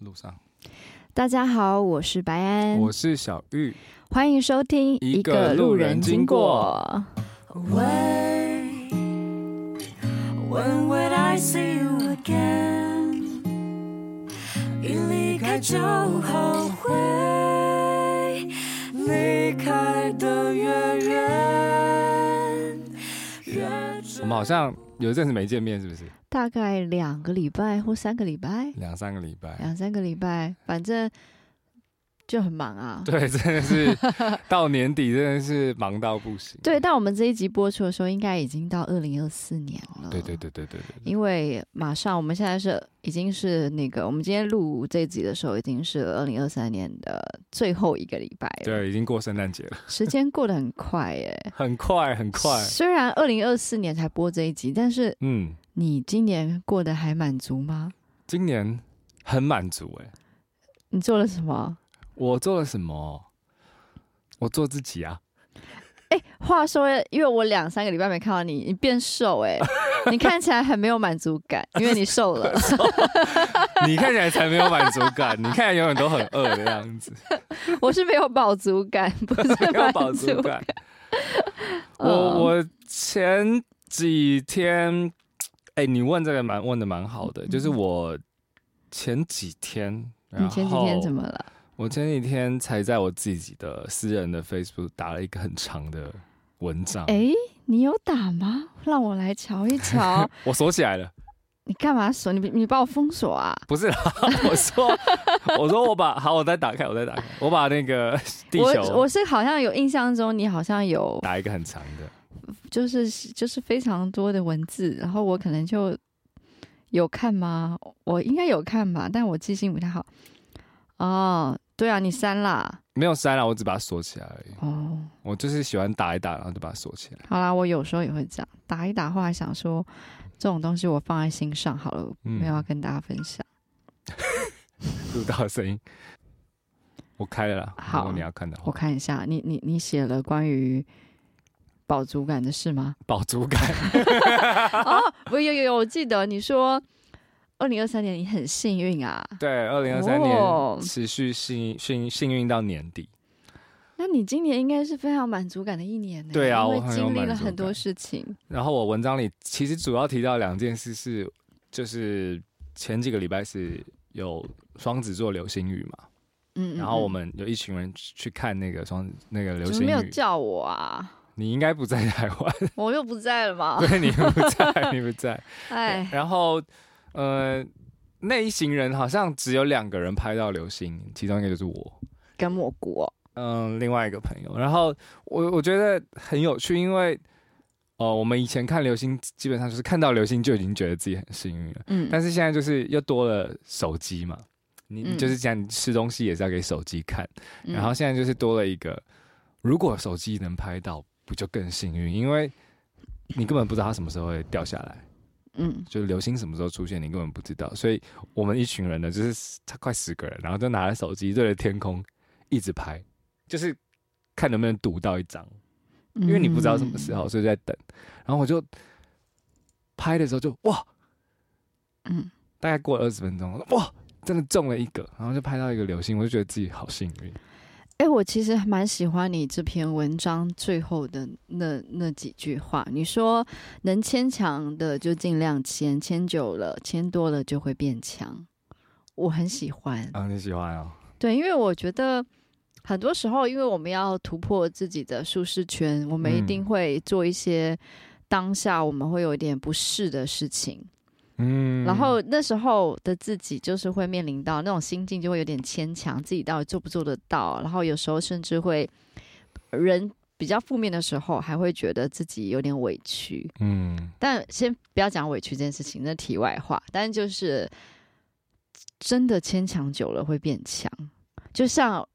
路上，大家好，我是白安，我是小玉，歡迎收聽《一個路人經過》。喂 When would I see you again？一離開就後悔，離開得越遠、遠。我們好像。有一陣子沒見面，是不是？大概兩個禮拜或三個禮拜，兩三個禮拜，兩三個禮拜，反正。就很忙啊，對，真的是到年底真的是忙到不行。 對，但我們這一集播出的時候，應該已經到二零二四年了。對，對，對，對,對，對,對,對。因為馬上我們現在是已經是那個，我們今天錄這一集的時候已經是二零二三年的最後一個禮拜了，對，已經過聖誕節了，時間過得很快、欸，哎，很快，很快。雖然二零二四年才播這一集，但是嗯，你今年過得還滿足嗎、嗯？今年很滿足、欸，哎，你做了什麼？嗯我做了什麼？我做自己啊！哎、欸，話說，因為我兩三個禮拜沒看到你，你變瘦哎、欸， 你看起來很沒有滿足感，因為你瘦了。你看起來才沒有滿足感，你看起來永遠都很餓的樣子。 我是沒有飽足感，不是 沒有飽足感。我我前幾天，哎、欸，你問這個蠻問的蠻好的、嗯，就是我前幾天然後，你前幾天怎麼了？我前幾天才在我自己的私人的 Facebook 打了一個很長的文章。哎、欸，你有打嗎？讓我來瞧一瞧。 我鎖起來了。你幹嘛鎖？你你把我封鎖啊？不是，我說， 我說我把好，我再打開，我再打開，我把那個地球個我。我是好像有印象中，你好像有打一個很長的，就是就是非常多的文字，然後我可能就有看嗎？我應該有看吧，但我記性不太好。哦、嗯。對啊，你刪啦，沒有刪啦。我只把它鎖起來而已。哦、oh.，我就是喜歡打一打，然後就把它鎖起來。好啦，我有時候也會這樣打一打，後來想說這種東西我放在心上好了，嗯、沒有要跟大家分享。錄到的聲音， 我開了。好，你要看的話，我看一下，你你你寫了關於飽足感的事嗎？飽足感。 哦，有有有，我記得你說。二零二三年你很幸運啊！對，二零二三年持續幸幸幸運到年底。那你今年應該是非常滿足感的一年，欸。對啊，我經歷了很多事情。我很有滿足感。然後我文章裡其實主要提到兩件事是，就是前幾個禮拜是有雙子座流星雨嘛。嗯，嗯。然後我們有一群人去看那個雙那個流星雨。沒有叫我啊？你應該不在台灣，我又不在了吧？對，你不在，你不在。哎。 然後。呃，那一行人好像只有兩個人拍到流星，其中一個就是我，跟莫古。嗯、呃，另外一個朋友。然後我我覺得很有趣，因為哦、呃，我們以前看流星，基本上就是看到流星就已經覺得自己很幸運了。嗯。但是現在就是又多了手機嘛，你你就是講你吃東西也是要給手機看。嗯。然後現在就是多了一個，如果手機能拍到，不就更幸運？因為你根本不知道它什麼時候會掉下來。嗯，就是流星什麼時候出現，你根本不知道，所以我們一群人呢，就是差快十個人，然後就拿着手機對着天空一直拍，就是看能不能賭到一張，因為你不知道什麼時候，所以就在等。然後我就拍的時候就哇，嗯，大概過了二十分鐘，哇，真的中了一個，然後就拍到一個流星，我就覺得自己好幸運。哎、欸，我其實還蠻喜歡你這篇文章最後的那那幾句話。你說能牽強的就盡量牽，牽久了，牽多了就會變強。我很喜歡。啊，你喜歡哦？對，因為我覺得很多時候，因為我們要突破自己的舒適圈，我們一定會做一些當下我們會有一點不適的事情。嗯嗯嗯，然後那時候的自己就是會面臨到那種心境，就會有點牽強，自己到底做不做得到？然後有時候甚至會人比較負面的時候，還會覺得自己有點委屈。嗯，但先不要講委屈這件事情，那題外話。但就是真的牽強久了會變強，就像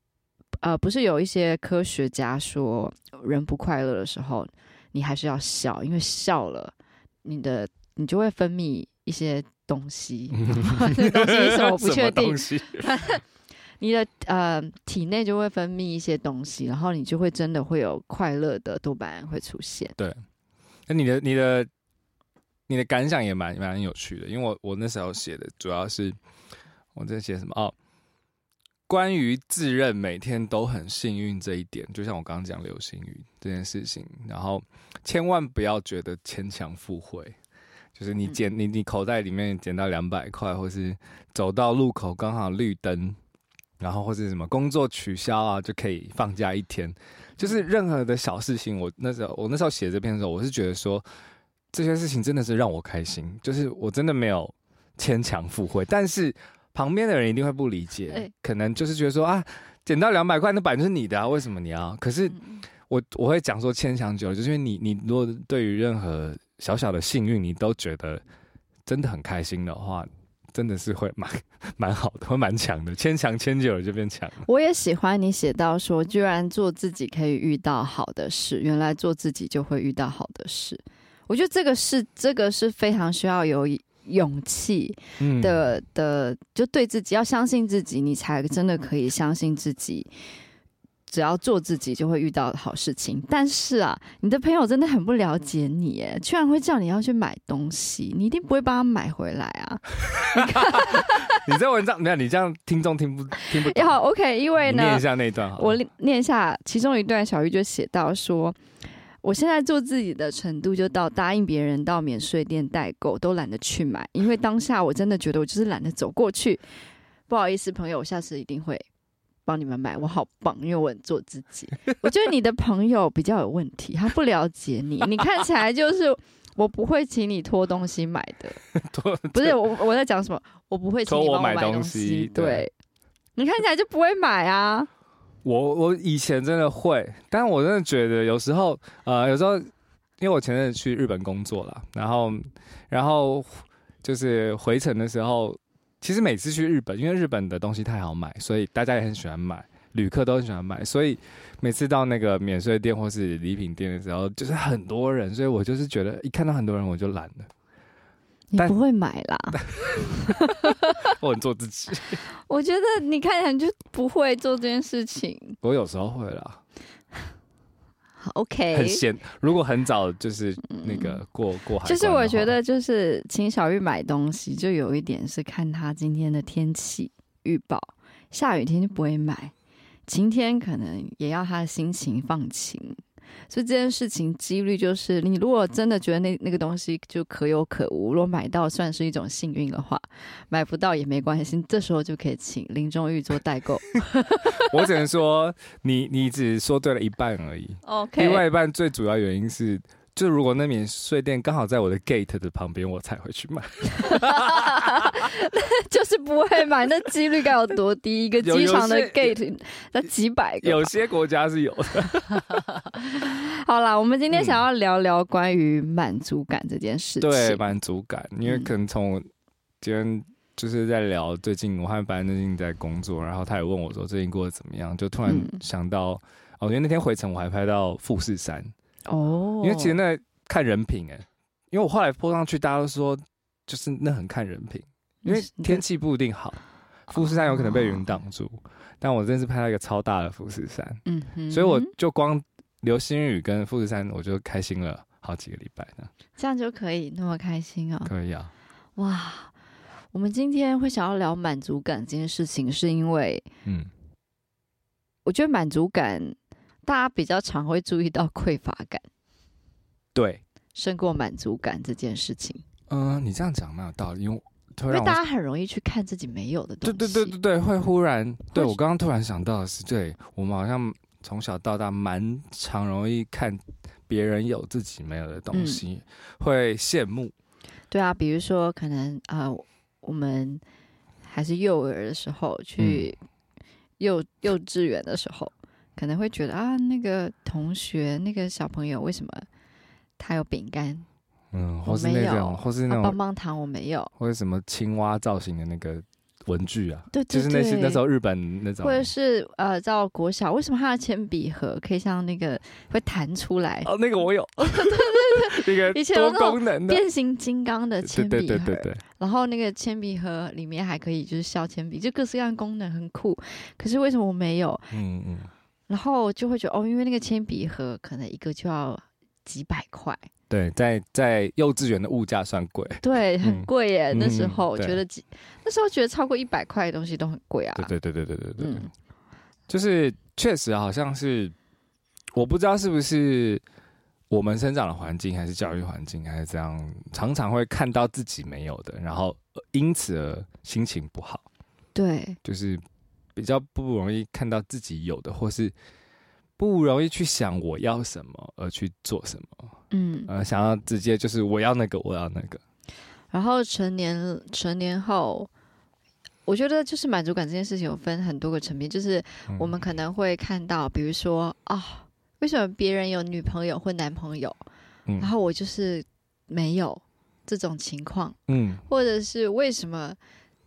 呃，不是有一些科學家說，人不快樂的時候，你還是要笑，因為笑了，你的你就會分泌。一些東西，那 東西是什麼我不確定。 你的呃體內就會分泌一些東西，然後你就會真的會有快樂的多巴胺會出現。對，那、呃、你的你的你的感想也蠻蠻有趣的，因為我我那時候寫的主要是我在寫什麼哦，關於自認每天都很幸運這一點，就像我剛剛講流星雨這件事情，然後千萬不要覺得牽強附會。就是你撿你你口袋裡面撿到兩百塊，或是走到路口剛好綠燈，然後或者是什麼工作取消啊，就可以放假一天。就是任何的小事情，我那時候我那時候寫這篇的時候，我是覺得說這些事情真的是讓我開心。就是我真的沒有牽強附會，但是旁邊的人一定會不理解，可能就是覺得說啊，撿到兩百塊那版就是你的啊，為什麼你要？可是我我會講說牽強久了，就是因為你你如果對於任何。小小的幸運，你都覺得真的很開心的話，真的是會蠻蠻好的，會蠻強的。牽強牽久了就變強。我也喜歡你寫到說，居然做自己可以遇到好的事，原來做自己就會遇到好的事。我覺得這個是這個是非常需要有勇氣的、嗯、的，就對自己要相信自己，你才真的可以相信自己。只要做自己，就會遇到好事情。但是啊，你的朋友真的很不了解你，哎，居然會叫你要去買東西，你一定不會幫他買回來啊！ 你看， 你這文章，沒有，你看你這樣，聽眾聽不聽不？聽不懂，也好，OK，因為呢，念一下那一段好了。我念一下其中一段，小玉就寫到說：“我現在做自己的程度，就到答應別人到免稅店代購，都懶得去買，因為當下我真的覺得我就是懶得走過去。不好意思，朋友，我下次一定會。”幫你們買，我好棒，因為我很做自己。我覺得你的朋友比較有問題， 他不了解你。你看起來就是 我不會請你拖東西買的， 不是我我在講什麼？我不會請你幫我買東西，對,對你看起來就不會買啊。我我以前真的會，但我真的覺得有時候呃，有時候因為我前陣子去日本工作了，然後然後就是回程的時候。其實每次去日本，因為日本的東西太好買，所以大家也很喜歡買。旅客都很喜歡買，所以每次到那個免稅店或是禮品店的時候，就是很多人。所以我就是覺得，一看到很多人，我就懶了。你不會買啦？ 我很做自己。我覺得你看起來就不會做這件事情。我有時候會啦。OK，很閒。如果很早就是那個過、嗯、過海，就是我覺得就是請小玉買東西，就有一點是看他今天的天氣預報，下雨天就不會買，晴天可能也要他的心情放晴。所以這件事情幾率就是，你如果真的覺得那那個東西就可有可無，如果買到算是一種幸運的話，買不到也沒關係，這時候就可以請林中玉做代購。 我只能說， 你你只說對了一半而已，OK？另外一半最主要原因是。就如果那免稅店剛好在我的 gate 的旁邊，我才會去買。那 就是不會買，那幾率該有多低？一個機場的 gate，有有那幾百個有。有些國家是有的。 好啦，我們今天想要聊聊關於滿足感這件事情。嗯、對，滿足感，因為可能從今天就是在聊最近，我和白安最近在工作，然後他也問我說最近過得怎麼樣，就突然想到，因為那天回程我還拍到富士山。哦、oh,，因為其實那看人品哎、欸，因為我後來潑上去，大家都說就是那很看人品，因為天氣不一定好，富士山有可能被雲擋住，oh. 但我真是拍了一個超大的富士山，嗯哼，所以我就光流星雨跟富士山，我就開心了好幾個禮拜呢。這樣就可以那麼開心啊、哦？可以啊！哇，我們今天會想要聊滿足感這件事情，是因為嗯，我覺得滿足感。大家比較常會注意到匱乏感，對，勝過滿足感這件事情。嗯、呃，你這樣講蠻有道理，因為因為大家很容易去看自己沒有的東西。對對對對對，會忽然、嗯、對我剛剛突然想到的是，對我們好像從小到大蠻常容易看別人有自己沒有的東西，嗯、會羨慕。對啊，比如說可能啊、呃，我們還是幼兒的時候，去幼幼稚園的時候。嗯可能會覺得啊，那個同學，那個小朋友，為什麼他有餅乾？嗯，或是那種我沒有，或是那種、啊、棒棒糖我沒有，或者什麼青蛙造型的那個文具啊？對，對，對，就是那是那時候日本那種，或者是呃，叫國小，為什麼他的鉛筆盒可以像那個會彈出來？哦、啊，那個我有， 對對對 一那個多功能的的變形金剛的鉛筆盒。對對對對對對，然後那個鉛筆盒裡面還可以就是削鉛筆，就各式各樣的功能很酷。可是為什麼我沒有？嗯嗯。然後就會覺得哦，因為那個鉛筆盒可能一個就要幾百塊。對，在在幼稚園的物價算貴。對，很貴耶，嗯，那時候我覺得幾，嗯，那時候覺得超過一百塊的東西都很貴啊。對，對對對對對對。嗯，就是確實好像是，我不知道是不是我們生長的環境，還是教育環境，還是怎樣，常常會看到自己沒有的，然後因此而心情不好。對，就是。比較不容易看到自己有的，或是不容易去想我要什麼而去做什麼，嗯，呃，想要直接就是我要那個，我要那個。然後成年成年後，我覺得就是滿足感這件事情，有分很多個層面，就是我們可能會看到，嗯、比如說，啊、哦，為什麼別人有女朋友或男朋友、嗯，然後我就是沒有這種情況，嗯，或者是為什麼？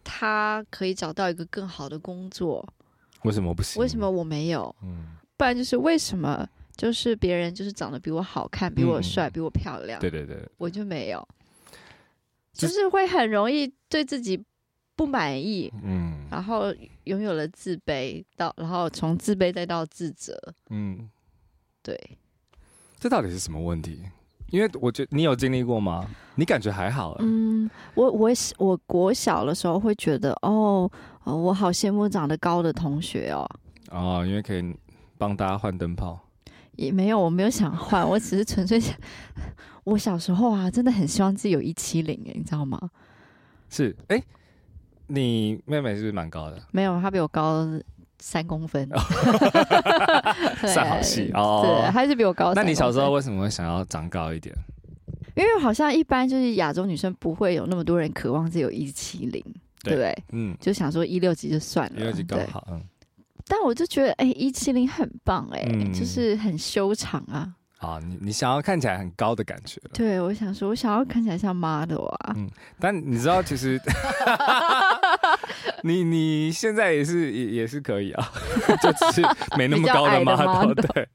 他可以找到一個更好的工作？為什麼不行？為什麼我沒有？嗯，不然就是為什麼？就是別人就是長得比我好看，嗯，比我帥，比我漂亮，對對對，我就沒有，就是會很容易對自己不滿意，嗯，然後擁有了自卑，到然後從自卑再到自責，嗯，對，這到底是什麼問題？因為我覺得你有經歷過嗎？你感覺還好、欸？嗯，我我我國小的時候會覺得，哦，我好羨慕長得高的同學哦。哦，因為可以幫大家換燈泡。也沒有，我沒有想換， 我只是純粹想，我小時候啊，真的很希望自己有一七零欸，你知道嗎？是，哎、欸，你妹妹是不是蠻高的？沒有，她比我高。三公分，哦， 三好戲戲笑哦，對，還是比我高。那你小時候為什麼會想要長高一點？因為好像一般就是亞洲女生不會有那麼多人渴望自己有一七零，對不對？嗯，就想說一六幾，就算了，一六幾剛好。嗯，但我就覺得哎，一七零很棒哎，欸嗯，就是很修長啊。啊，你你想要看起來很高的感覺？對，我想說我想要看起來像 model 啊。嗯，但你知道其實。 你你現在也是也也是可以啊， 就是沒那麼高的嘛，對。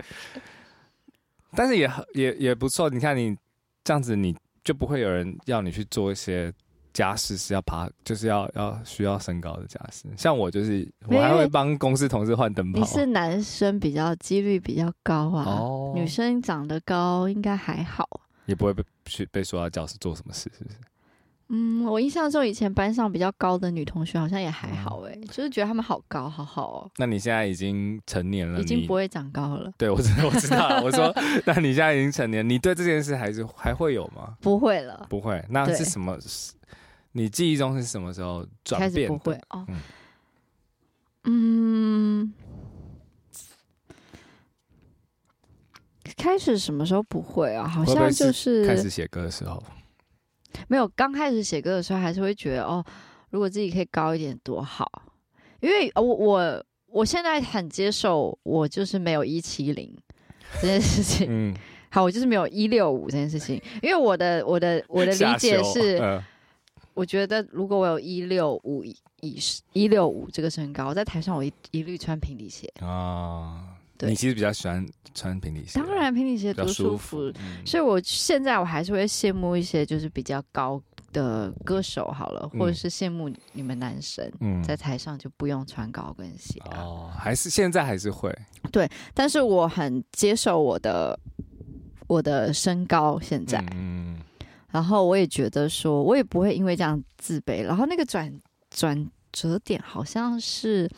但是也也也不錯，你看你這樣子，你就不會有人要你去做一些家事，是要爬，就是要要需要身高的家事。像我就是，我還會幫公司同事換燈泡。你是男生，比較幾率比較高啊、哦。女生長得高應該還好，也不會被去被說要教室做什麼事，是不是？嗯，我印象中以前班上比較高的女同學好像也還好哎、欸嗯，就是覺得她們好高，好好哦。那你現在已經成年了，已經不會長高了。對，我知我知道了。 我說，那你現在已經成年了，你對這件事還是還會有嗎？不會了。不會。那是什麼？你記憶中是什麼時候轉變？開始不會哦？嗯。嗯。開始什麼時候不會啊？好像就是，會不會是開始寫歌的時候？沒有，剛開始寫歌的時候還是會覺得哦，如果自己可以高一點多好。因為，哦，我我我現在很接受我就是沒有一七零這件事情。嗯，好，我就是沒有一六五這件事情。因為我的我的我的理解是，我覺得如果我有一六五以一六五這個身高，在台上我一一律穿平底鞋啊。嗯你其實比較喜歡穿平底鞋，當然平底鞋都舒服，比較舒服，嗯，所以我現在我還是會羨慕一些就是比較高的歌手好了，嗯，或者是羨慕你們男生，嗯、在台上就不用穿高跟鞋，啊、哦還是現在還是會，對，但是我很接受我的我的身高現在，嗯，然後我也覺得說，我也不會因為這樣自卑。然後那個轉轉折點好像是。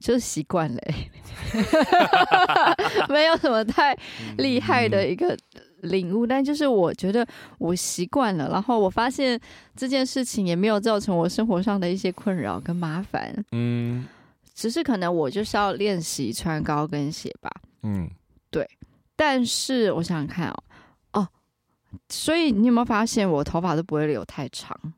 就是習慣了、欸， 沒有什麼太厲害的一個領悟、嗯，但就是我覺得我習慣了，然後我發現這件事情也沒有造成我生活上的一些困擾跟麻煩，嗯，只是可能我就是要練習穿高跟鞋吧，嗯，對，但是我想想看哦、喔，哦，所以你有沒有發現我頭髮都不會留太長？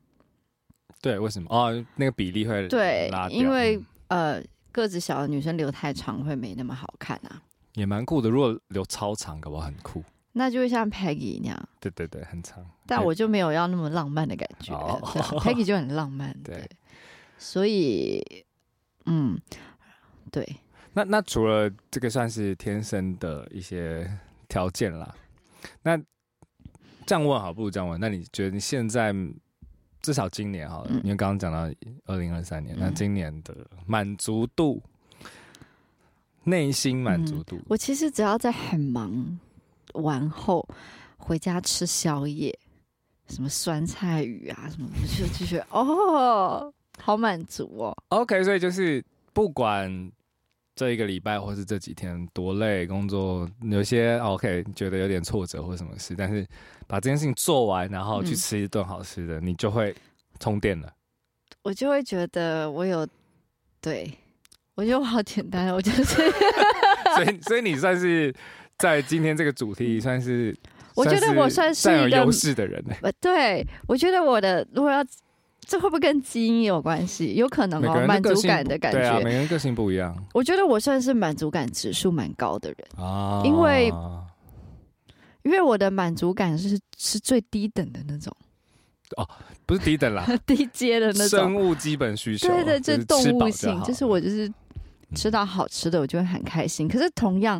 對，為什麼？哦，那個比例會，對，因為呃。個子小的女生留太長會沒那麼好看啊，也蠻酷的。如果留超長，可不很酷？那就會像 Peggy 一樣。對對對，很長。但我就沒有要那麼浪漫的感覺、欸哦、Peggy 就很浪漫對。對，所以，嗯，對。那那除了這個算是天生的一些條件啦，那這樣問好，不如這樣問。那你覺得你現在？至少今年哈、嗯，因為剛剛講到二零二三年、嗯，那今年的滿足度，內心滿足度、嗯，我其實只要在很忙完後回家吃宵夜，什麼酸菜魚啊什麼，就就覺得哦，好滿足哦。OK，所以就是不管。這一個禮拜或是這幾天多累，工作有些 OK，覺得有點挫折或什麼事，但是把這件事情做完，然後去吃一頓好吃的，嗯、你就會充電了。我就會覺得我有，對我覺得我好簡單，我覺得是 。 所以，所以你算是在今天這個主題算是， 算是我覺得我算是算有優勢的人呢、欸。對，我覺得我的如果要。這會不會跟基因有關係？有可能哦，滿足感的感覺。對啊，每個人個性不一樣。我覺得我算是滿足感指數蠻高的人啊，因為因為我的滿足感是是最低等的那種。哦，不是低等啦， 低階的那種生物基本需求。對對，對，這、就是、動物性、就是、就，就是我就是吃到好吃的，我就會很開心。可是同樣。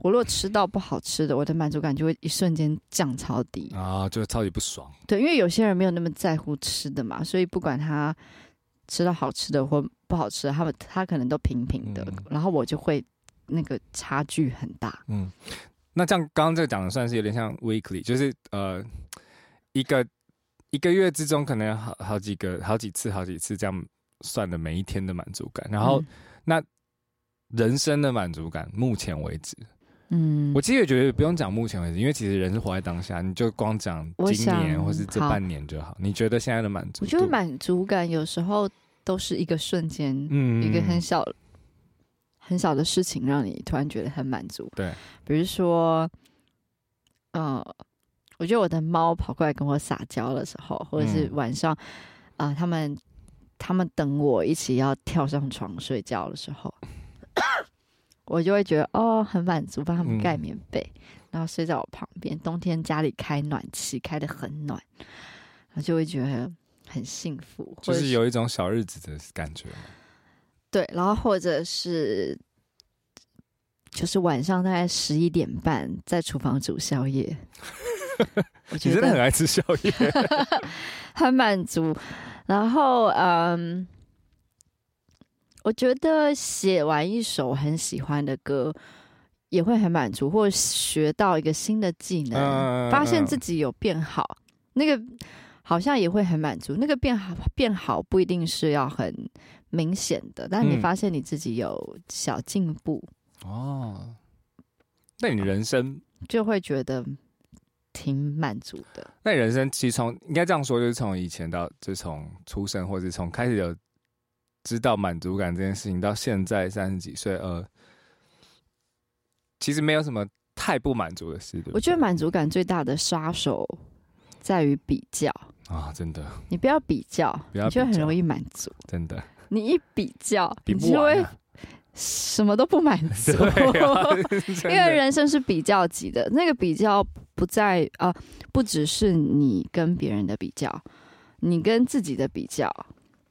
我若吃到不好吃的，我的滿足感就會一瞬間降超低啊，就超級不爽。對，因為有些人沒有那麼在乎吃的嘛，所以不管他吃到好吃的或不好吃的，他們他可能都平平的、嗯。然後我就會那個差距很大。嗯，那像剛剛這樣剛剛這個講的算是有點像 weekly，就是呃，一個一個月之中可能有好好幾個、好幾次、好幾次這樣算的每一天的滿足感。然後、嗯、那人生的滿足感，目前為止。嗯，我其實也覺得不用講目前為止，因為其實人是活在當下，你就光講今年或是這半年就好。好，你覺得現在的滿足？我覺得滿足感有時候都是一個瞬間，嗯，一個很小、很小的事情，讓你突然覺得很滿足。對，比如說，嗯、呃，我覺得我的貓跑過來跟我撒嬌的時候，或者是晚上啊、呃，他們他們等我一起要跳上床睡覺的時候。我就會覺得哦，很滿足，幫他們蓋棉被、嗯，然後睡在我旁邊。冬天家裡開暖氣，開得很暖，我就會覺得很幸福，就是有一種小日子的感覺。對，然後或者是，就是晚上大概十一點半在廚房煮宵夜， 我覺得你真的很愛吃宵夜， 很滿足。然後嗯。我覺得寫完一首很喜歡的歌，也會很滿足，或者學到一個新的技能，發現自己有變好，嗯、那個好像也會很滿足。那個變好變好不一定是要很明顯的，但你發現你自己有小進步、嗯、哦，那你人生就會覺得挺滿足的。那你人生其實從應該這樣說，就是從以前到就從出生，或者從開始有。知道滿足感這件事情，到現在三十幾歲，呃，其實沒有什麼太不滿足的事。對對，我覺得滿足感最大的殺手在於比較啊，真的，你不要比較，你不要比較，你就很容易滿足。真的，你一比較，比不完啊，你就會什麼都不滿足、 啊。因為人生是比較級的，那個比較不在啊、呃，不只是你跟別人的比較，你跟自己的比較。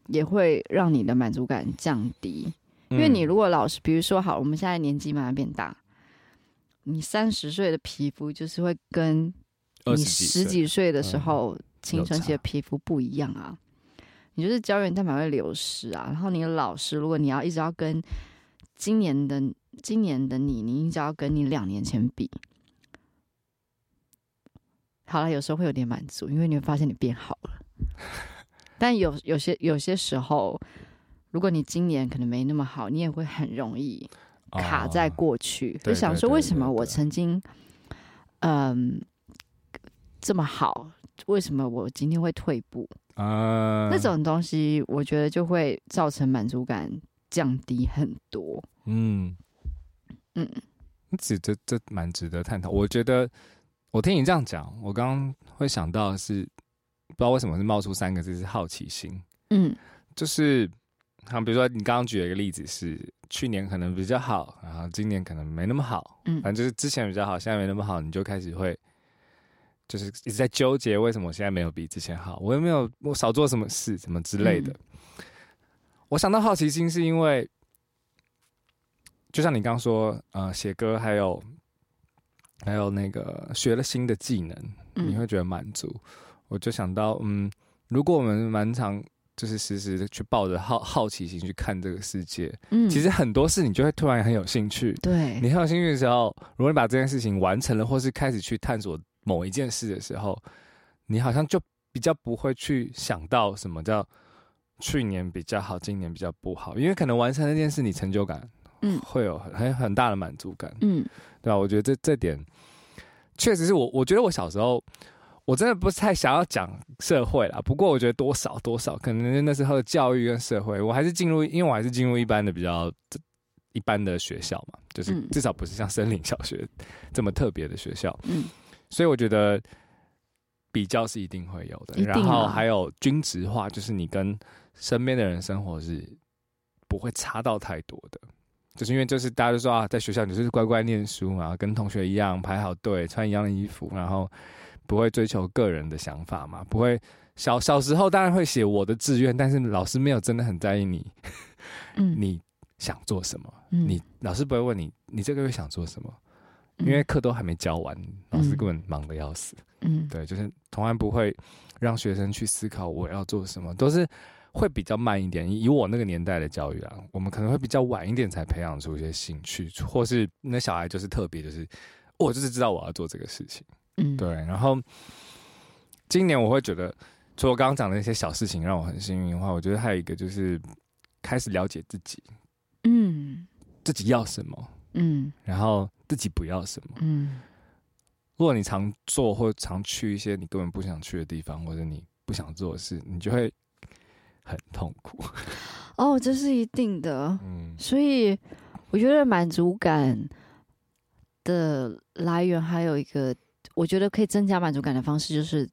也會讓你的滿足感降低，因為你如果老是，比如說，好，我們現在年紀慢慢變大，你三十歲的皮膚就是會跟你十幾歲的時候青春期的皮膚不一樣啊。嗯、你就是膠原蛋白會流失啊。然後你的老是如果你要一直要跟今年的今年的你，你一直要跟你兩年前比，好了，有時候會有點滿足，因為你會發現你變好了。 但有，有些有些時候，如果你今年可能沒那麼好，你也會很容易卡在過去，哦、就想說，為什麼我曾經、哦、對對對對對對嗯這麼好，為什麼我今天會退步啊、呃？那種東西，我覺得就會造成滿足感降低很多。嗯嗯，這這這蠻值得探討。我覺得我聽你這樣講，我剛剛會想到的是。不知道為什麼是冒出三個字是好奇心，嗯，就是，好像比如說你剛剛舉了一個例子是去年可能比較好，然後今年可能沒那麼好，嗯，反正就是之前比較好，現在沒那麼好，你就開始會，就是一直在糾結為什麼我現在沒有比之前好，我又沒有我少做什麼事，什麼之類的、嗯。我想到好奇心是因為，就像你剛剛說，嗯、呃，寫歌還有，還有那個學了新的技能，你會覺得滿足。嗯我就想到，嗯，如果我們蠻常就是時時的去抱着好好奇心去看這個世界，嗯，其實很多事你就會突然很有興趣。對，你很有興趣的時候，如果你把這件事情完成了，或是開始去探索某一件事的時候，你好像就比較不會去想到什麼叫去年比較好，今年比較不好，因為可能完成那件事，你成就感，會有很很大的滿足感，嗯，對吧？我覺得這這點確實是我，我覺得我小時候。我真的不是太想要講社會啦，不過我覺得多少多少，可能那時候的教育跟社會，我還是進入，因為我還是進入一般的比較一般的學校嘛，就是至少不是像森林小學這麼特別的學校。嗯，所以我覺得比較是一定會有的，啊、然後還有均質化，就是你跟身邊的人生活是不會差到太多的，就是因為就是大家都說啊，在學校你就是乖乖念書嘛、啊，跟同學一樣排好隊，穿一樣的衣服，然後。不會追求個人的想法嘛，不會小，小小時候當然會寫我的志願，但是老師沒有真的很在意你，嗯， 你想做什麼？嗯、你老師不會問你，你這個月想做什麼？嗯、因為課都還沒教完，老師根本忙得要死，嗯，對，就是從來不會讓學生去思考我要做什麼，都是會比較慢一點。以我那個年代的教育啊，我們可能會比較晚一點才培養出一些興趣，或是那小孩就是特別，就是我就是知道我要做這個事情。嗯，對。然後今年我會覺得，除了剛剛講的一些小事情讓我很幸運的話，我覺得還有一個就是開始了解自己，嗯，自己要什麼，嗯，然後自己不要什麼，嗯。如果你常做或常去一些你根本不想去的地方，或者你不想做的事，你就會很痛苦。哦，這是一定的。嗯，所以我覺得滿足感的來源還有一個。我覺得可以增加滿足感的方式就是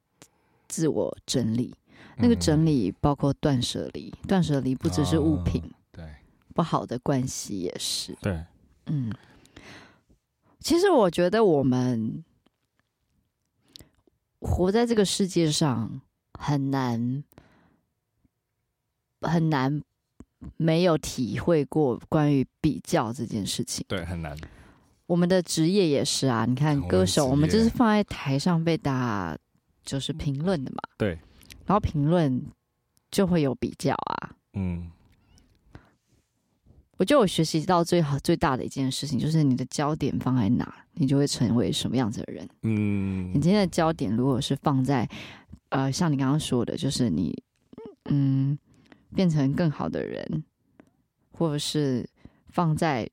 自我整理。嗯、那個整理包括斷捨離，斷捨離不只是物品，哦，對，不好的關係也是。對，嗯，其實我覺得我們活在這個世界上很難，很難沒有體會過關於比較這件事情。對，很難。我們的職業也是啊，你看歌手，我們就是放在台上被打，就是評論的嘛。對。然後評論就會有比較啊。嗯。我覺得我學習到最好最大的一件事情，就是你的焦點放在哪，你就會成為什麼樣子的人。嗯。你今天的焦點如果是放在，呃，像你剛剛說的，就是你，嗯，變成更好的人，或者是放在。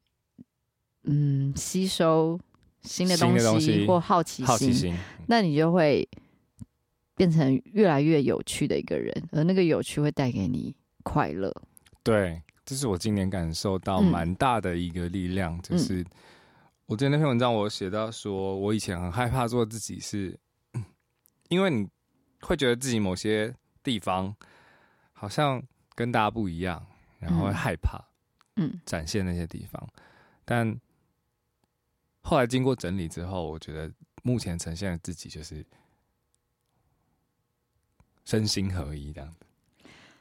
嗯，吸收新的東西，新的東西或好奇心，好奇心，那你就會變成越來越有趣的一個人，而那個有趣會帶給你快樂。對，這是我今年感受到蠻大的一個力量，嗯、就是我覺得那篇文章我寫到說，我以前很害怕做自己是，是、嗯、因為你會覺得自己某些地方好像跟大家不一樣，然後會害怕嗯展現那些地方，嗯嗯、但。後來經過整理之後，我覺得目前呈現的自己就是身心合一這樣。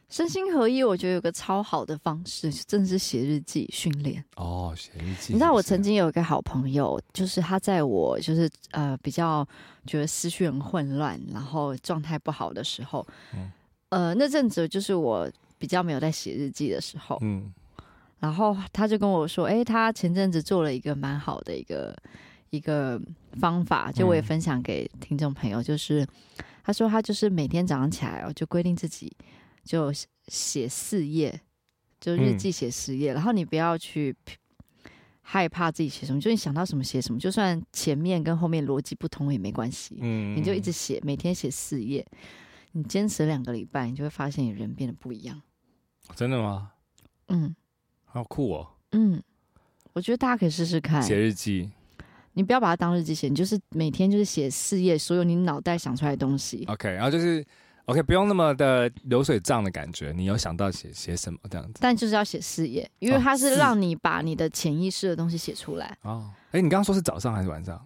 身心合一，我覺得有個超好的方式，正是寫日記訓練。哦，寫日記是不是？你知道我曾經有一個好朋友，就是他在我就是呃比較覺得思緒很混亂，然後狀態不好的時候，嗯，呃那陣子就是我比較沒有在寫日記的時候，嗯。然後他就跟我說：“哎，他前陣子做了一個蠻好的一個一個方法，就我也分享給聽眾朋友。就是、嗯、他說他就是每天早上起來，哦，就規定自己就寫四頁，就日記寫四頁。嗯、然後你不要去害怕自己寫什麼，就你想到什麼寫什麼，就算前面跟後面邏輯不通也沒關係。嗯，你就一直寫，每天寫四頁，你堅持兩個禮拜，你就會發現你人變得不一樣。真的嗎？嗯。”好酷哦！嗯，我覺得大家可以試試看寫日記。你不要把它當日記寫，你就是每天就是寫四頁所有你腦袋想出來的東西。OK，然、啊、後就是 OK，不用那麼的流水賬的感覺。你有想到寫寫什麼這樣子？但就是要寫四頁，因為它是讓你把你的潛意識的東西寫出來哦，哎、哦，你剛剛說是早上還是晚上？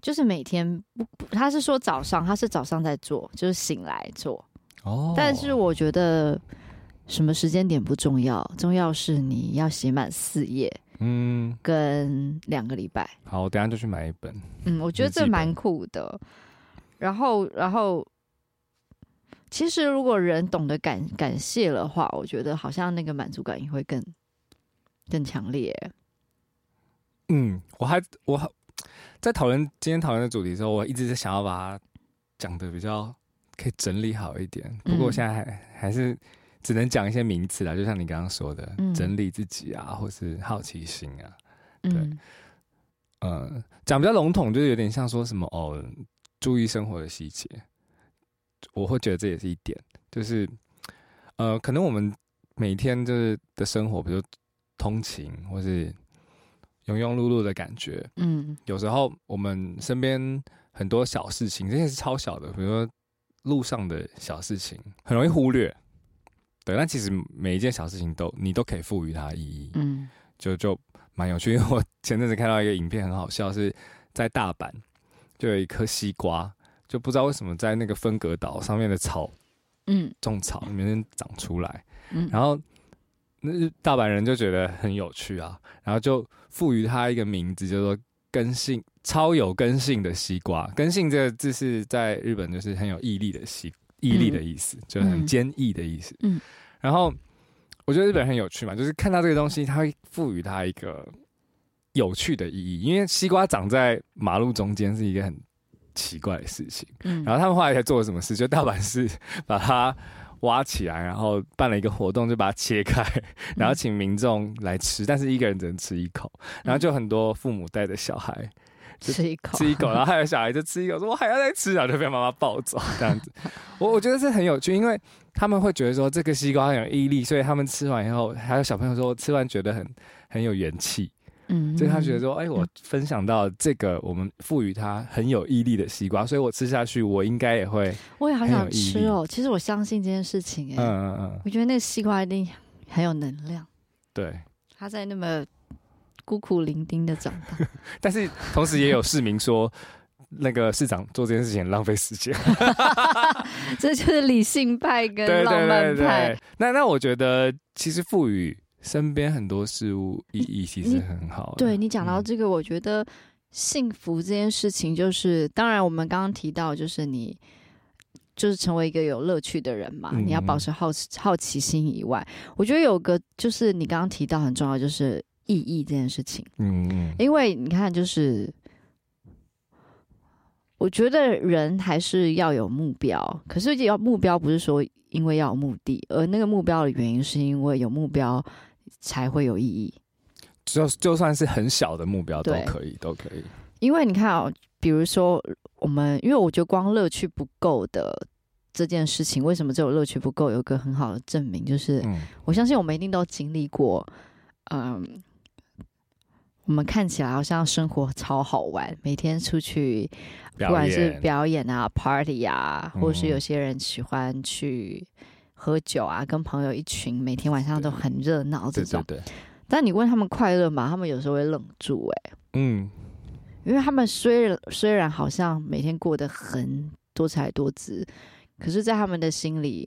就是每天不，他是說早上，他是早上在做，就是醒來做。哦，但是我覺得。什麼時間點不重要，重要是你要寫滿四頁，嗯，跟兩個禮拜。好，我等下就去買一本。嗯，我覺得這蠻酷的。然後，然後，其實如果人懂得感感謝的話，我覺得好像那個滿足感也會更更強烈。嗯，我還我在討論今天討論的主題的時候，我一直想要把它講的比較可以整理好一點。不過我現在還、嗯、還是。只能講一些名詞啦，就像你剛剛說的，嗯，整理自己啊，或是好奇心啊，嗯，對，呃，講比較籠統，就是有點像說什麼哦，注意生活的細節，我會覺得這也是一點，就是呃，可能我們每天就是的生活，比如說通勤或是庸庸碌碌的感覺，嗯，有時候我們身邊很多小事情，這些是超小的，比如說路上的小事情，很容易忽略。嗯對，那其實每一件小事情都你都可以賦予它意義，嗯，就就蠻有趣。因為我前陣子看到一個影片很好笑，是在大阪就有一顆西瓜，就不知道為什麼在那個分隔島上面的草，嗯，種草裡面長出來，嗯、然後那大阪人就覺得很有趣啊，然後就賦予它一個名字，就是、說根性，超有根性的西瓜，根性這個字是在日本就是很有毅力的西瓜。毅力的意思，嗯、就是很堅毅的意思。嗯，然後我覺得日本人很有趣嘛、嗯，就是看到這個東西，它會賦予它一個有趣的意義。因為西瓜長在馬路中間是一個很奇怪的事情。嗯，然後他們後來才做了什麼事？就大阪市把它挖起來，然後辦了一個活動，就把它切開，然後請民眾來吃，嗯，但是一個人只能吃一口，然後就很多父母帶着小孩。吃一口，吃一口， 然後還有小孩就吃一口，說：“我還要再吃下、啊、就被媽媽抱走這樣子。我我覺得這很有趣，因為他們會覺得說這個西瓜很有毅力，所以他們吃完以後，還有小朋友說吃完覺得很很有元氣。嗯，所以他覺得說：“哎、欸，我分享到這個，嗯、我們賦予他很有毅力的西瓜，所以我吃下去，我應該也會很，我也好想吃哦。”其實我相信這件事情、欸，哎，嗯嗯嗯，我覺得那個西瓜一定很有能量。對，他在那麼。孤苦伶仃的長大， 但是同時也有市民說， 那個市長做這件事情很浪費時間。 這就是理性派跟浪漫派。對對對對對。那那我覺得，其實賦予身邊很多事物意義其實很好。對你講到這個、嗯，我覺得幸福這件事情，就是當然我們剛剛提到，就是你就是成為一個有樂趣的人嘛、嗯，你要保持好奇好奇心以外，我覺得有個就是你剛剛提到很重要，就是。意義這件事情，嗯，因為你看，就是我覺得人還是要有目標，可是要目標不是說因為要有目的，而那個目標的原因是因為有目標才會有意義。就就算是很小的目標都可以，都可以。因為你看啊、喔，比如說我們，因為我覺得光樂趣不夠的這件事情，為什麼只有樂趣不夠？有個很好的證明就是、嗯，我相信我們一定都經歷過，嗯。我們看起來好像生活超好玩，每天出去，不管是表演啊表演、party 啊，或是有些人喜歡去喝酒啊、嗯，跟朋友一群，每天晚上都很熱鬧這種。對對對對。但你問他們快樂嗎？他們有時候會愣住哎、欸，嗯，因為他們雖然雖然好像每天過得很多采多姿，可是在他們的心裡，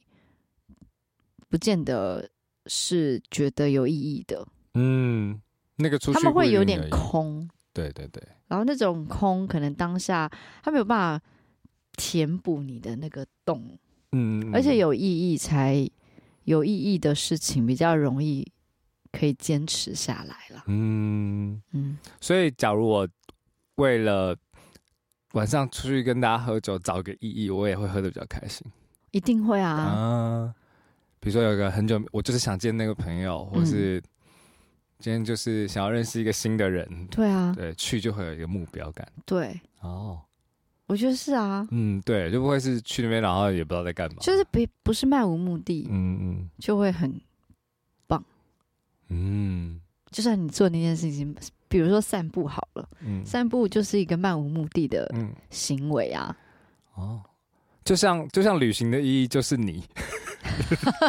不見得是覺得有意義的，嗯。那個、他們會有點空，對對對，然後那種空可能當下他沒有辦法填補你的那個洞，嗯，而且有意義才有意義的事情比較容易可以堅持下來了，嗯嗯，所以假如我為了晚上出去跟大家喝酒找個意義，我也會喝得比較開心，一定會啊啊，比如說有一個很久我就是想見那個朋友，或是。嗯今天就是想要認識一個新的人，對啊，對，去就會有一個目標感，對，哦、oh，我覺得是啊，嗯，對，就不會是去那邊，然後也不知道在幹嘛，就是不不是漫無目的，嗯，嗯，就會很棒，嗯，就算你做那件事情，比如說散步好了，嗯、散步就是一個漫無目的的行為啊，嗯、哦。就像就像旅行的意義就是你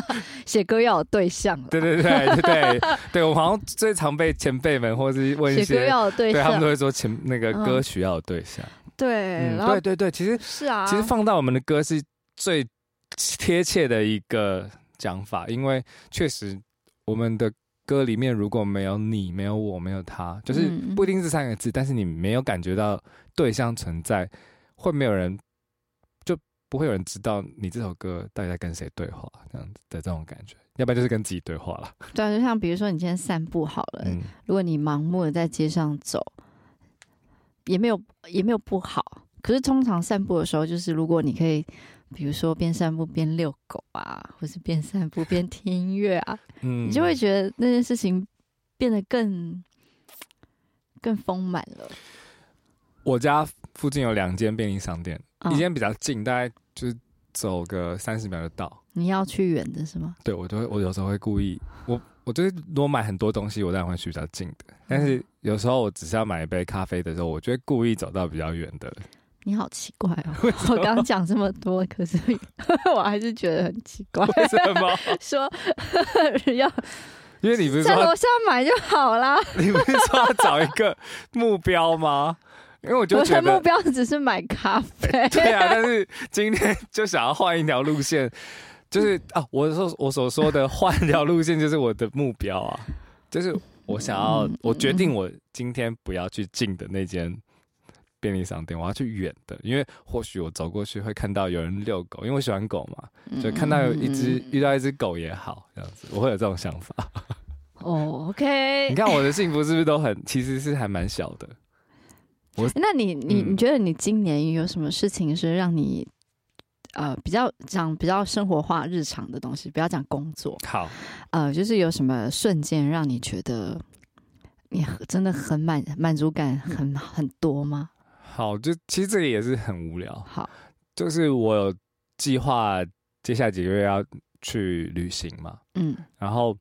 ，寫歌要有對象對對對。對對對對 對，我好像最常被前輩們或者是問一些寫歌要有對象，對，他們都會說前那個歌曲要有對象。對、嗯嗯，對對對，其實是啊，其實放到我們的歌是最貼切的一個講法，因為確實我們的歌裡面，如果沒有你，沒有我，沒有他，就是不一定是三個字，嗯、但是你沒有感覺到對象存在，會沒有人。不會有人知道你這首歌到底在跟誰對話，這樣子的這種感覺，要不然就是跟自己對話了。對啊，就像比如說你今天散步好了，嗯，如果你盲目的在街上走，也沒有也沒有不好。可是通常散步的時候，就是如果你可以，比如說邊散步邊遛狗啊，或是邊散步邊聽音樂啊，嗯，你就會覺得那件事情變得更更豐滿了。我家附近有兩間便利商店。離間比較近，哦，大概就是走個三十秒就到。你要去遠的是嗎？對，我就會，我有時候會故意，我我覺得如果買很多東西，我當然會去比較近的。但是有時候我只是要買一杯咖啡的時候，我就會故意走到比較遠的。你好奇怪啊，哦！我剛講這麼多，可是我還是覺得很奇怪。為什麼？ 說 要，因為你不是在樓下買就好啦？ 你不是說要找一個目標嗎？因為我覺得我的目標只是買咖啡。欸，對啊。但是今天就想要換一條路線， 就是啊，我說我所說的換一條路線，就是我的目標啊，就是我想要，我決定我今天不要去近的那間便利商店，我要去遠的，因為或許我走過去會看到有人遛狗，因為我喜歡狗嘛，就看到有一隻、嗯、遇到一隻狗也好，這樣子我會有這種想法。哦、oh, OK，你看我的幸福是不是都很，其實是還蠻小的。我，那你你你覺得你今年有什麼事情是讓你，呃，比較講比較生活化日常的東西，不要講工作。好，呃，就是有什麼瞬間讓你覺得你真的很滿滿足感很、嗯、很多嗎？好，就其實這裡也是很無聊。好，就是我有計劃接下來幾個月要去旅行嘛。嗯，然後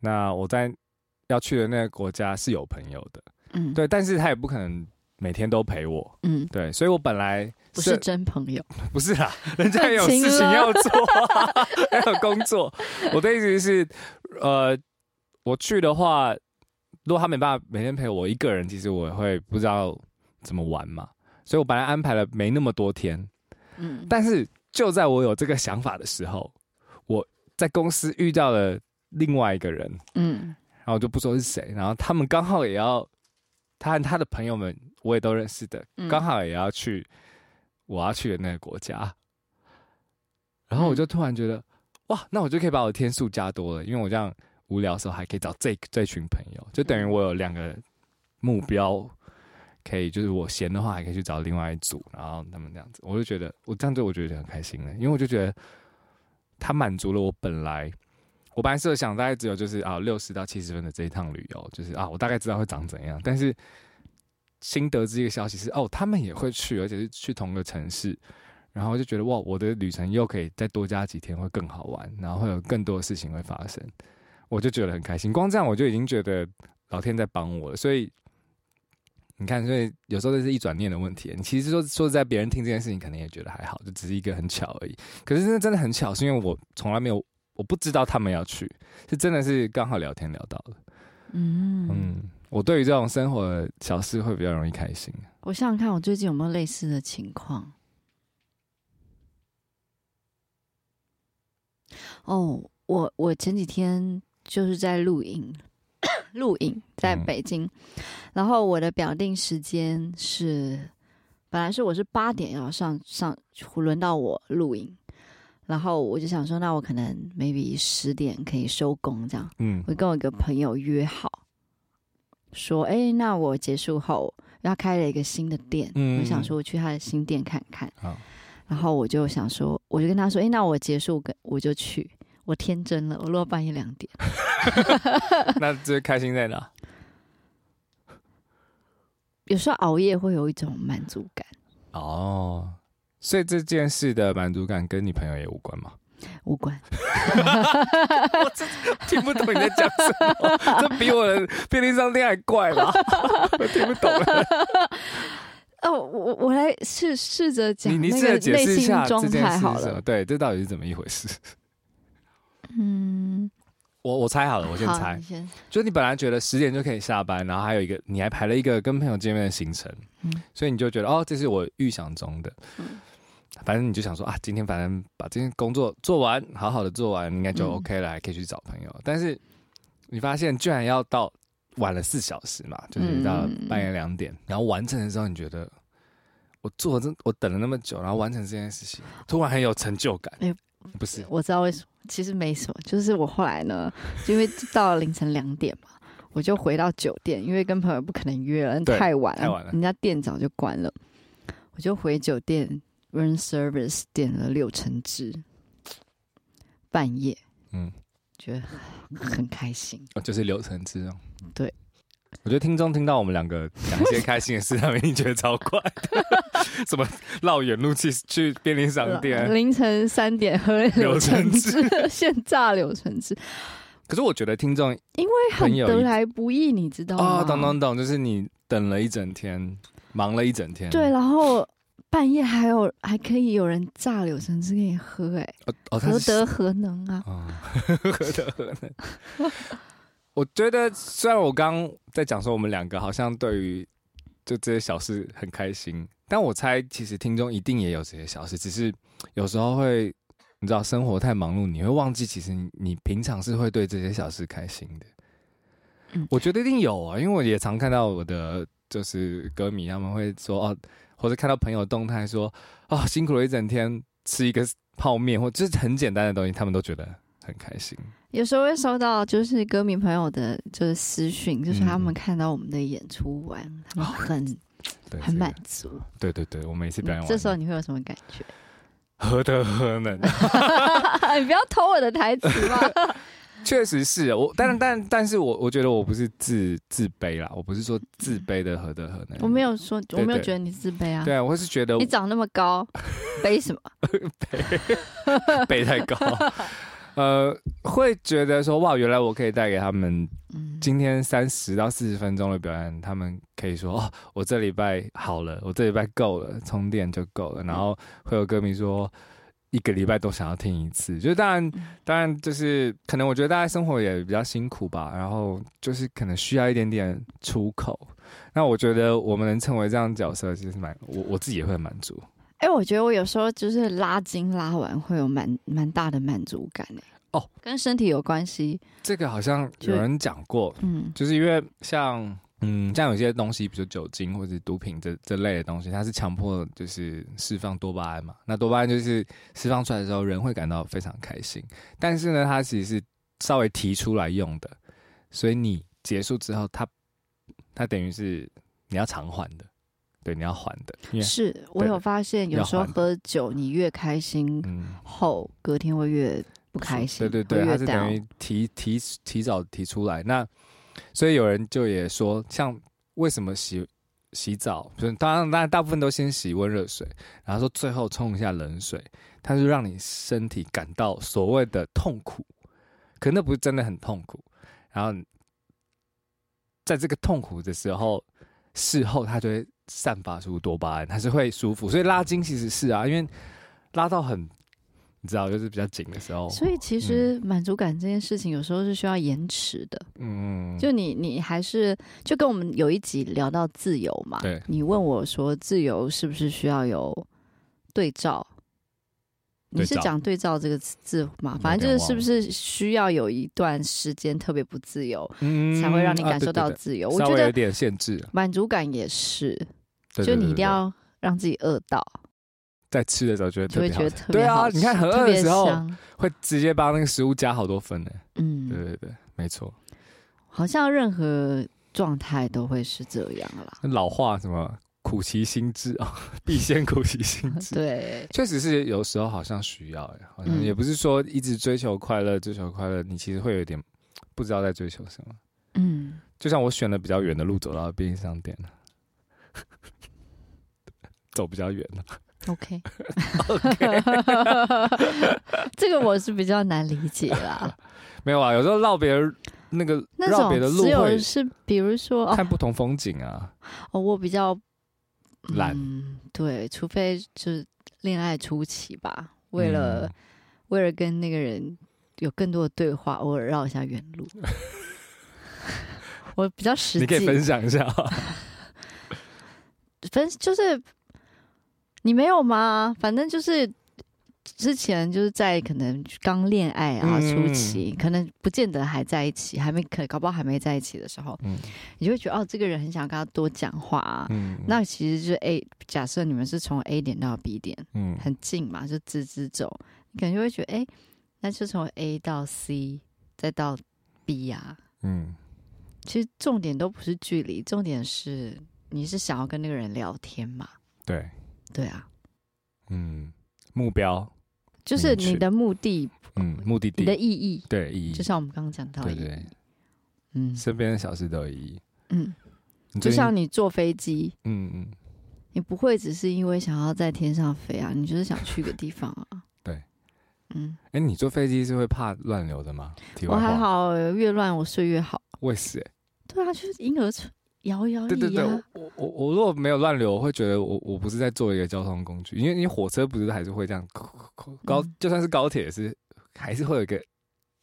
那我在要去的那個國家是有朋友的。嗯，對，但是他也不可能。每天都陪我，嗯，對，所以我本來是不是真朋友？不是啦，人家有事情要做啊， 還有工作。我的意思是，呃，我去的話，如果他沒辦法每天陪我一個人，其實我會不知道怎麼玩嘛。所以我本來安排了沒那麼多天，嗯，但是就在我有這個想法的時候，我在公司遇到了另外一個人，嗯，然後我就不說是誰，然後他們剛好也要。他和他的朋友們我也都認識的，剛好，嗯，也要去我要去的那個國家，然後我就突然覺得、嗯、哇，那我就可以把我的天數加多了，因為我這樣無聊的時候還可以找這這群朋友，就等於我有兩個目標，嗯、可以就是我閒的話還可以去找另外一組，然後他們這樣子，我就覺得我這樣子我覺得很開心了、欸，因為我就覺得他滿足了我本來。我本來設想大概只有就是啊六十到七十分的這一趟旅遊，就是啊我大概知道會長怎樣。但是新得知一個消息是哦，他們也會去，而且是去同個城市，然後就覺得哇，我的旅程又可以再多加幾天，會更好玩，然後會有更多的事情會發生，我就覺得很開心。光這樣我就已經覺得老天在幫我了。所以你看，所以有時候這是一轉念的問題。你其實說說實在別人聽這件事情，可能也覺得還好，就只是一個很巧而已。可是真的真的很巧，是因為我從來沒有。我不知道他們要去，是真的是剛好聊天聊到的。嗯嗯，我對於這種生活的小事會比較容易開心。我想想看，我最近有沒有類似的情況？哦、oh,，我我前幾天就是在錄影，錄影 在北京、嗯，然後我的表定時間是，本來是我是八點要上上，輪到我錄影。然後我就想說，那我可能 maybe 十點可以收工這樣。嗯，我跟我一個朋友約好，說，哎，那我結束後，他開了一個新的店，嗯，我想說去他的新店看看，哦。然後我就想說，我就跟他說，哎，那我結束，跟我就去。我天真了，我落半夜兩點。 那最開心在哪？有時候熬夜會有一種滿足感。哦。所以這件事的滿足感跟你朋友也無關嗎？無關。 我真聽不懂你在講什麼，這比我的便利商店還怪嘛？ 我聽不懂了。哦，我我來試試着講，你你試著解釋一下這件事好了。對，這到底是怎麼一回事？嗯，我我猜好了，我先猜。先。就是你本來覺得十點就可以下班，然後還有一個，你還排了一個跟朋友見面的行程，嗯。所以你就覺得哦，這是我預想中的。嗯反正你就想說啊，今天反正把這件工作做完，好好的做完，應該就 OK 了，還可以去找朋友，嗯。但是你發現居然要到晚了四小時嘛，嗯，就是到半夜兩點，嗯，然後完成的時候，你覺得我做了，我等了那麼久，然後完成這件事情，突然很有成就感。欸，不是，我知道為什麼，其實沒什麼，就是我後來呢， 就因為到了凌晨兩點嘛，我就回到酒店，因為跟朋友不可能約了，太晚了，太晚了，人家店早就關了，我就回酒店。Rain Service 點了柳橙汁，半夜，嗯，覺得很開心。哦，就是柳橙汁哦。對，我覺得聽眾聽到我們兩個講一些開心的事，他們一定覺得超快。 什麼繞遠路去去便利商店，凌晨三點喝柳橙汁，成汁 現榨柳橙汁。可是我覺得聽眾因為很得來不易，你知道嗎？啊，懂懂懂，就是你等了一整天，忙了一整天。對，然後。半夜還有還可以有人榨柳橙汁給你喝、欸，哎、哦哦，何德何能啊？嗯、呵呵何德何能？ 我覺得，雖然我剛在講說我們兩個好像對於就這些小事很開心，但我猜其實聽眾一定也有這些小事，只是有時候會你知道生活太忙碌，你會忘記其實你平常是會對這些小事開心的。嗯、我覺得一定有啊，因為我也常看到我的就是歌迷他們會說哦。啊或者看到朋友動態說、哦：“辛苦了一整天，吃一個泡麵，或就是很簡單的東西，他們都覺得很開心。”有時候會收到就是歌迷朋友的，就是私訊、嗯，就是他們看到我們的演出完，嗯、他們很、這個、很滿足。對對對，我每次表演完了，這時候你會有什麼感覺？何德何能？ 你不要偷我的台詞嘛！ 確實是我，是我，但但但是我我覺得我不是自自卑啦，我不是說自卑的何德何能、嗯。我沒有說，我沒有覺得你自卑啊。對啊，我是覺得你長那麼高，卑什麼？卑，卑 太高。 呃，會覺得說哇，原來我可以帶給他們今天三十到四十分鐘的表演、嗯，他們可以說哦，我這禮拜好了，我這禮拜夠了，充電就夠了。然後會有歌迷說。一個禮拜都想要聽一次，就當然，當然就是可能我覺得大家生活也比較辛苦吧，然後就是可能需要一點點出口。那我覺得我們能成為這樣角色，其實蠻我我自己也會滿足。哎、欸，我覺得我有時候就是拉筋拉完會有蠻蠻大的滿足感呢、欸。哦，跟身體有關係。這個好像有人講過，嗯，就是因為像。嗯，像有些東西，比如酒精或者毒品這這類的東西，它是強迫就是釋放多巴胺嘛。那多巴胺就是釋放出來的時候，人會感到非常開心。但是呢，它其實是稍微提出來用的，所以你結束之後，它它等於是你要償還的，對，你要還的。是我有發現，有時候喝酒，你越開心，嗯，後，隔天會越不開心。對對對，它是等於提提提早提出來那。所以有人就也說，像為什麼洗洗澡，就是當然，當然大部分都先洗溫熱水，然後說最後沖一下冷水，它是讓你身體感到所謂的痛苦，可那不是真的很痛苦，然後在這個痛苦的時候，事後它就會散發出多巴胺，它是會舒服。所以拉筋其實是啊，因為拉到很。你知道，就是比較緊的時候。所以其實滿足感這件事情，有時候是需要延遲的。嗯，就你你還是就跟我們有一集聊到自由嘛。對。你問我說，自由是不是需要有對照？對照。你是講對照這個字嘛？反正就是是不是需要有一段時間特別不自由，才會讓你感受到自由？我覺得有點限制。滿足感也是，對對對對對，就你一定要讓自己餓到。在吃的時候覺得特別好，對啊，你看很餓的時候會直接把那個食物加好多分呢、欸。嗯，對對對，對，沒錯。好像任何狀態都會是這樣啦。老話什麼“苦其心志”啊，必先苦其心志。對，確實是有時候好像需要呀，好像也不是說一直追求快樂，追求快樂，你其實會有點不知道在追求什麼。嗯，就像我選了比較遠的路走到便利商店，走比較遠了。OK，, okay. 這個我是比較難理解啦。 沒有啊，有時候繞別人那個繞別的路只有是，比如說看不同風景啊。哦,哦，我比較懶、嗯，對，除非就是戀愛初期吧，為了、嗯、為了跟那個人有更多的對話，偶爾繞一下原路。 我比較實際，你可以分享一下。分 就是。你沒有嗎？反正就是之前就是在可能剛戀愛啊初期、嗯，可能不見得還在一起，還沒可搞不好還沒在一起的時候，嗯、你就會覺得哦，這個人很想跟他多講話、啊嗯。那其實就是 A，、欸、假設你們是從 A 點到 B 點、嗯，很近嘛，就直直走，你可能就會覺得哎、欸，那就從 A 到 C 再到 B 呀、啊。嗯，其實重點都不是距離，重點是你是想要跟那個人聊天嘛？對。對啊，嗯，目標就是你的目的，嗯，目的地，你的意義，對，意義，就像我們剛剛講到的對對對，嗯，身邊的小事都有意義，嗯，就像你坐飛機，嗯嗯，你不會只是因為想要在天上飛啊，嗯、你就是想去個地方啊， 對，嗯，哎、欸，你坐飛機是會怕亂流的嗎？我還好，越亂我睡越好。為什麼？對啊，就是嬰兒床。搖搖椅對對對，我我我如果沒有亂流，我會覺得我我不是在做一個交通工具，因為你火車不是還是會這樣高，嗯，就算是高鐵也是，還是會有一個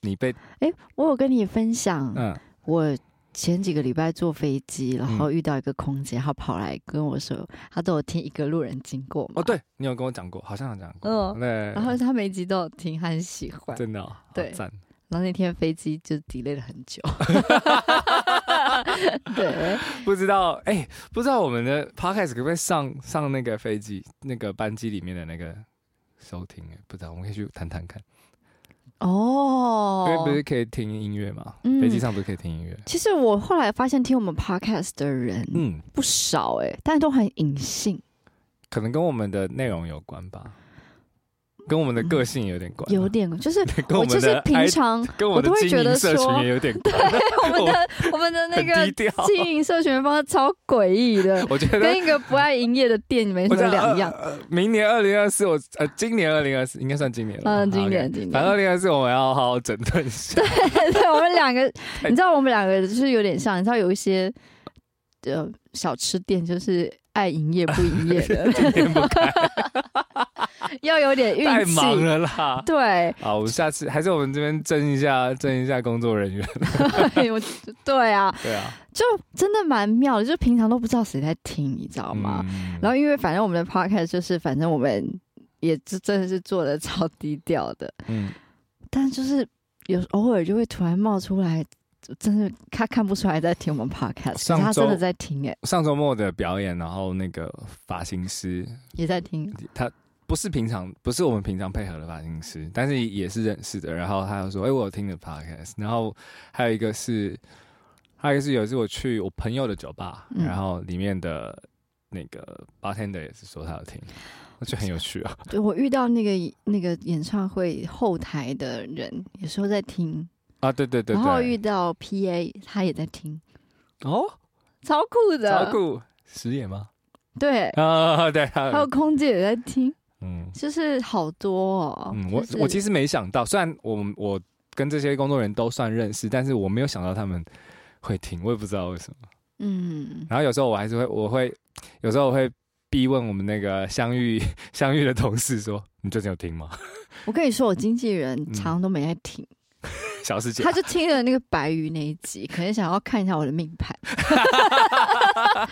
你被。哎，欸，我有跟你分享，嗯，我前幾個禮拜坐飛機，然後遇到一個空姐，她跑來跟我說，她都有聽一個路人經過嘛。哦，對，你有跟我講過，好像有講過，嗯，哦，那然後她每集都有聽，很喜歡，真的，哦，對讚，然後那天飛機就 delay 了很久。 不知道哎、欸，不知道我們的 podcast 可不可以上上那個飛機、那個班機裡面的那個收聽、欸？不知道，我們可以去談談看。哦、oh，因為不是可以聽音樂嗎？嗯、飛機上不是可以聽音樂。其實我後來發現，聽我們 podcast 的人、欸，嗯，不少哎，但都很隱性，可能跟我們的內容有關吧。跟我們的個性有點關、嗯，有點就是我們的我就是平常我，我都會覺得說社群有點對我們的我，我們的那個經營社群的方式超詭異的，我覺得跟一個不愛營業的店沒什麼兩樣我，呃呃。明年二零二四，我呃今年二零二四應該算今年了，嗯，今年 okay, 今年，反正二零二四我們要好好整頓一下。對對，我們兩個 你知道我們兩個就是有點像，你知道有一些呃小吃店就是。愛營業不營業的，又要有點運氣。太忙了啦，對。好，我們下次還是我們這邊爭一下，爭一下工作人員。對啊，對啊，就真的蠻妙的，就平常都不知道誰在聽，你知道嗎？嗯、然後因為反正我們的 podcast 就是，反正我們也真的是做的超低調的，嗯。但就是有偶爾就會突然冒出來。真的，他看不出來在聽我們 podcast，但是他真的在聽哎、欸。上周末的表演，然後那個髮型師也在聽、啊。他不是平常，不是我們平常配合的髮型師，但是也是認識的。然後他就說：“哎、欸，我有聽的 podcast。”然後還有一個是，還有一個是，有一次我去我朋友的酒吧、嗯，然後裡面的那個 bartender 也是說他要聽、嗯，我覺得很有趣啊。就我遇到那個那個演唱會後台的人，有時候在聽。啊，對，對對對，然後遇到 PA，他也在聽，哦，超酷的，超酷，實野嗎？對啊，對，還有空姐也在聽，嗯，就是好多。哦。嗯、就是、我我其實沒想到，雖然我我跟這些工作人員都算認識，但是我沒有想到他們會聽，我也不知道為什麼。嗯，然後有時候我還是會，我會有時候我會逼問我們那個相遇相遇的同事說：“你最近有聽嗎？”我跟你說，我經紀人常常都沒在聽。小事情，啊，他就聽了那個白魚那一集，可能想要看一下我的命盤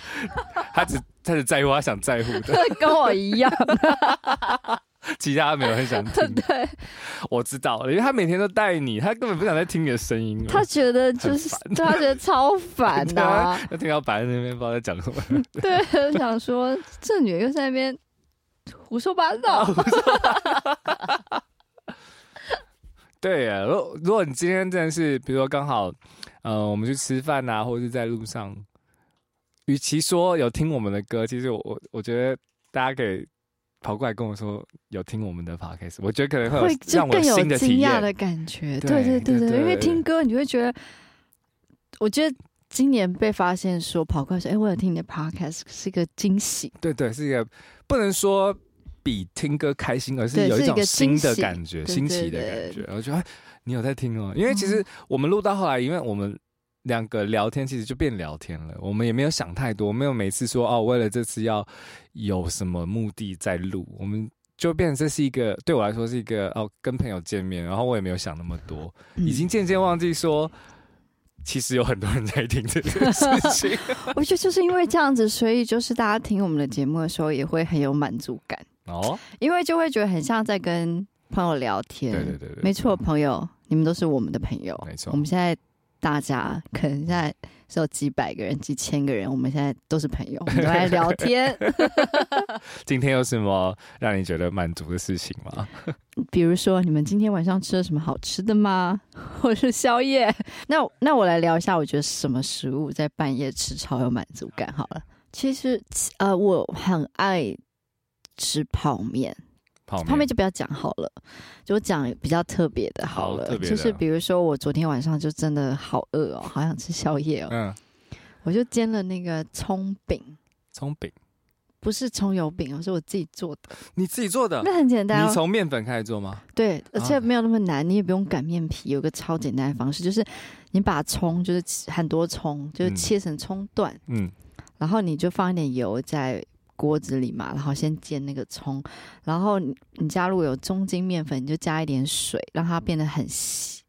他只他只在乎他想在乎的，跟我一樣，啊。其他沒有很想聽。對，我知道，因為他每天都帶你，他根本不想再聽你的聲音。他覺得就是，他覺得超煩吶，啊。 他聽到白在那邊不知道在講什麼。對，他就想說，這女人又在那邊胡說八道。啊 對呀、啊，如如果你今天真的是，比如說剛好，呃，我們去吃飯吶、啊，或者是在路上，與其說有聽我們的歌，其實我我覺得大家可以跑過來跟我說有聽我們的 podcast，我覺得可能會讓我有新的驚訝的感覺。對對對對，對，對，對，對對對對，因為聽歌你就會覺得，我覺得今年被發現說跑過來說，哎，我有聽你的 podcast，是一個驚喜。對對，是一個不能說。比聽歌開心，而是有一種新的感覺，新奇的感覺。對對對對，我覺得，啊，你有在聽哦，因為其實我們錄到後來，因為我們兩個聊天，其實就變聊天了。我們也沒有想太多，沒有每次說哦，為了這次要有什麼目的在錄，我們就變成這是一個，對我來說是一個哦，跟朋友見面。然後我也沒有想那麼多，嗯，已經漸漸忘記說，其實有很多人在聽這個事情。 我覺得就是因為這樣子，所以就是大家聽我們的節目的時候，也會很有滿足感。哦，因為就會覺得很像在跟朋友聊天，對對對對，沒錯，朋友、嗯，你們都是我們的朋友，沒錯。我們現在大家可能現在是有幾百個人、幾千個人，我們現在都是朋友， 我們來聊天。 今天有什麼讓你覺得滿足的事情嗎？ 比如說，你們今天晚上吃了什麼好吃的嗎？或是宵夜？ 那那我來聊一下，我覺得什麼食物在半夜吃超有滿足感。好了，其實呃，我很愛。吃泡麵、泡麵，泡麵就不要講好了，就我講比較特別的好了。就是比如說，我昨天晚上就真的好餓哦，好想吃宵夜哦。嗯，我就煎了那個蔥餅。蔥餅，不是蔥油餅，我是我自己做的。你自己做的？那很簡單哦。你從麵粉開始做嗎？對，而且沒有那麼難，你也不用擀麵皮，有個超簡單的方式，嗯，就是你把蔥，就是很多蔥，就是切成蔥段，嗯，然後你就放一點油在。鍋子裡嘛，然後先煎那個蔥，然後你加入有中筋麵粉，你就加一點水，讓它變得很稀，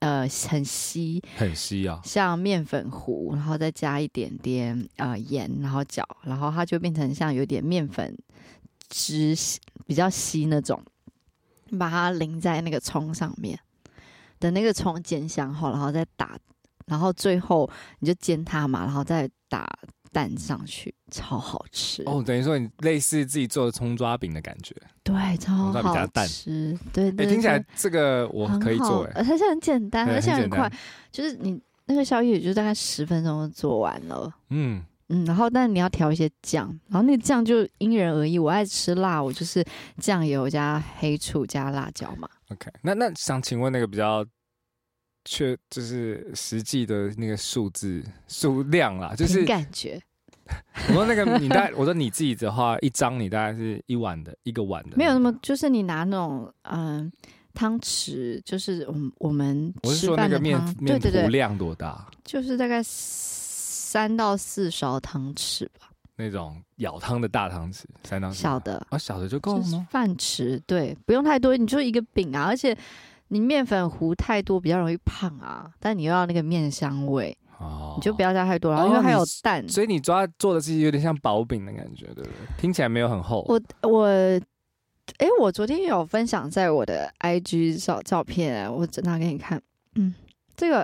呃，很稀，很稀啊，像麵粉糊，然後再加一點點啊鹽，呃，然後攪，然後它就變成像有點麵粉汁比較稀那種，把它淋在那個蔥上面，等那個蔥煎香後，然後再打，然後最後你就煎它嘛，然後再打蛋上去，超好吃哦！等於說你類似自己做的蔥抓餅的感覺，對，超好吃。蔥抓餅加蛋。對、欸，聽起來這個我可以做、呃，它是很簡單，而且很快、嗯，很，就是你那個宵夜也就大概十分鐘就做完了。嗯嗯，然後但你要調一些醬，然後那個醬就因人而異。我愛吃辣，我就是醬油加黑醋加辣椒嘛。OK，那那想請問那個比較。卻就是實際的那個數字數量啦，就是感覺 。我說那個你大，我說你自己的話， 一張你大概是一碗的一個碗的碗。沒有那麼，就是你拿那種嗯湯、呃、匙，就是我們我們吃那個麵，對對對。量多大對對對？就是大概三到四勺湯匙吧。那種舀湯的大湯匙，三到四勺。小的。啊、哦，小的就夠了。飯、就、匙、是、對，不用太多，你就一個餅啊，而且。你麵粉糊太多，比較容易胖啊。但你又要那個麵香味，oh. 你就不要加太多了，oh, 因為還有蛋。所以你抓做的是有點像薄餅的感覺，對不對？ 聽起來沒有很厚、啊。我我，哎、欸，我昨天有分享在我的 IG 照照片、啊，我拿給你看。嗯，這個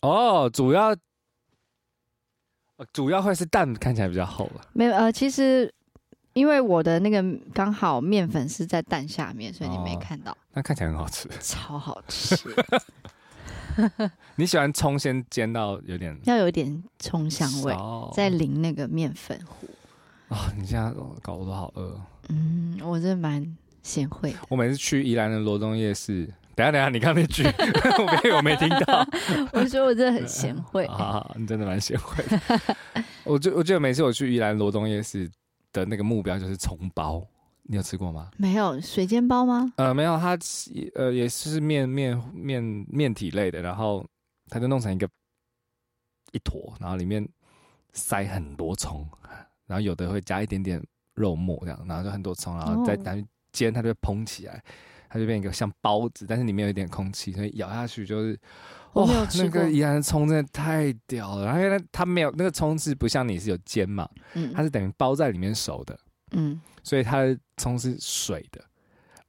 哦，oh, 主要主要會是蛋看起來比較厚了、啊。沒有呃，其實。因為我的那個剛好麵粉是在蛋下面、哦，所以你沒看到。那看起來很好吃，超好吃。 你喜歡蔥先煎到有點，要有點蔥香味，再淋那個麵粉糊、哦。你現在搞得我都好餓。嗯，我真的蠻賢惠。我每次去宜蘭的羅東夜市，等一下等一下，你剛那句我沒我沒聽到。 我就說，我真的很賢惠啊，好好！你真的蠻賢惠。我覺我覺得每次我去宜蘭羅東夜市。那個目標就是蔥包，你有吃過嗎？沒有，水煎包嗎？呃，沒有，它呃也是面面面面體類的，然後它就弄成一個一坨，然後裡面塞很多蔥，然後有的會加一點點肉末這樣，然後就很多蔥，然後再拿去煎，它就膨起來，它就變一個像包子，但是裡面有一點空氣，所以咬下去就是。哇，那個宜蘭的蔥真的太屌了！然後，因為它沒有那個蔥是不像你是有煎嘛，嗯、它是等於包在裡面熟的，嗯，所以它的蔥是水的。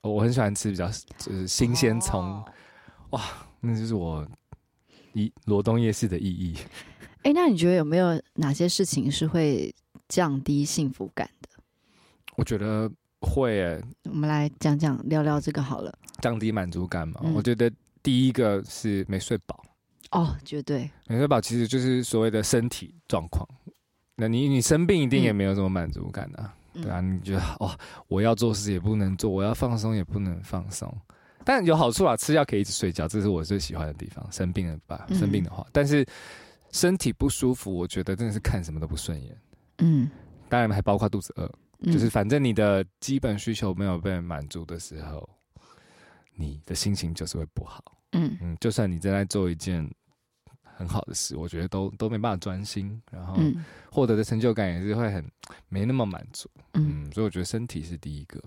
我很喜歡吃比較就是新鮮蔥，哦，哇，那就是我羅東夜市的意義。哎，欸，那你覺得有沒有哪些事情是會降低幸福感的？我覺得會，欸。我們來講講聊聊這個好了，降低滿足感嘛？嗯，我覺得。第一個是沒睡飽，哦、oh，絕對沒睡飽其實就是所謂的身體狀況。那你你生病一定也沒有什麼滿足感的，啊嗯，對啊？你覺得哦，我要做事也不能做，我要放鬆也不能放鬆。但有好處啊，吃藥可以一直睡覺，這是我最喜歡的地方。生病了吧？生病的話，嗯，但是身體不舒服，我覺得真的是看什麼都不順眼。嗯，當然還包括肚子餓，嗯，就是反正你的基本需求沒有被滿足的時候，你的心情就是會不好，嗯，就算你正在做一件很好的事，我覺得都都沒辦法專心，然後獲得的成就感也是會很沒那麼滿足，嗯，所以我覺得身體是第一個。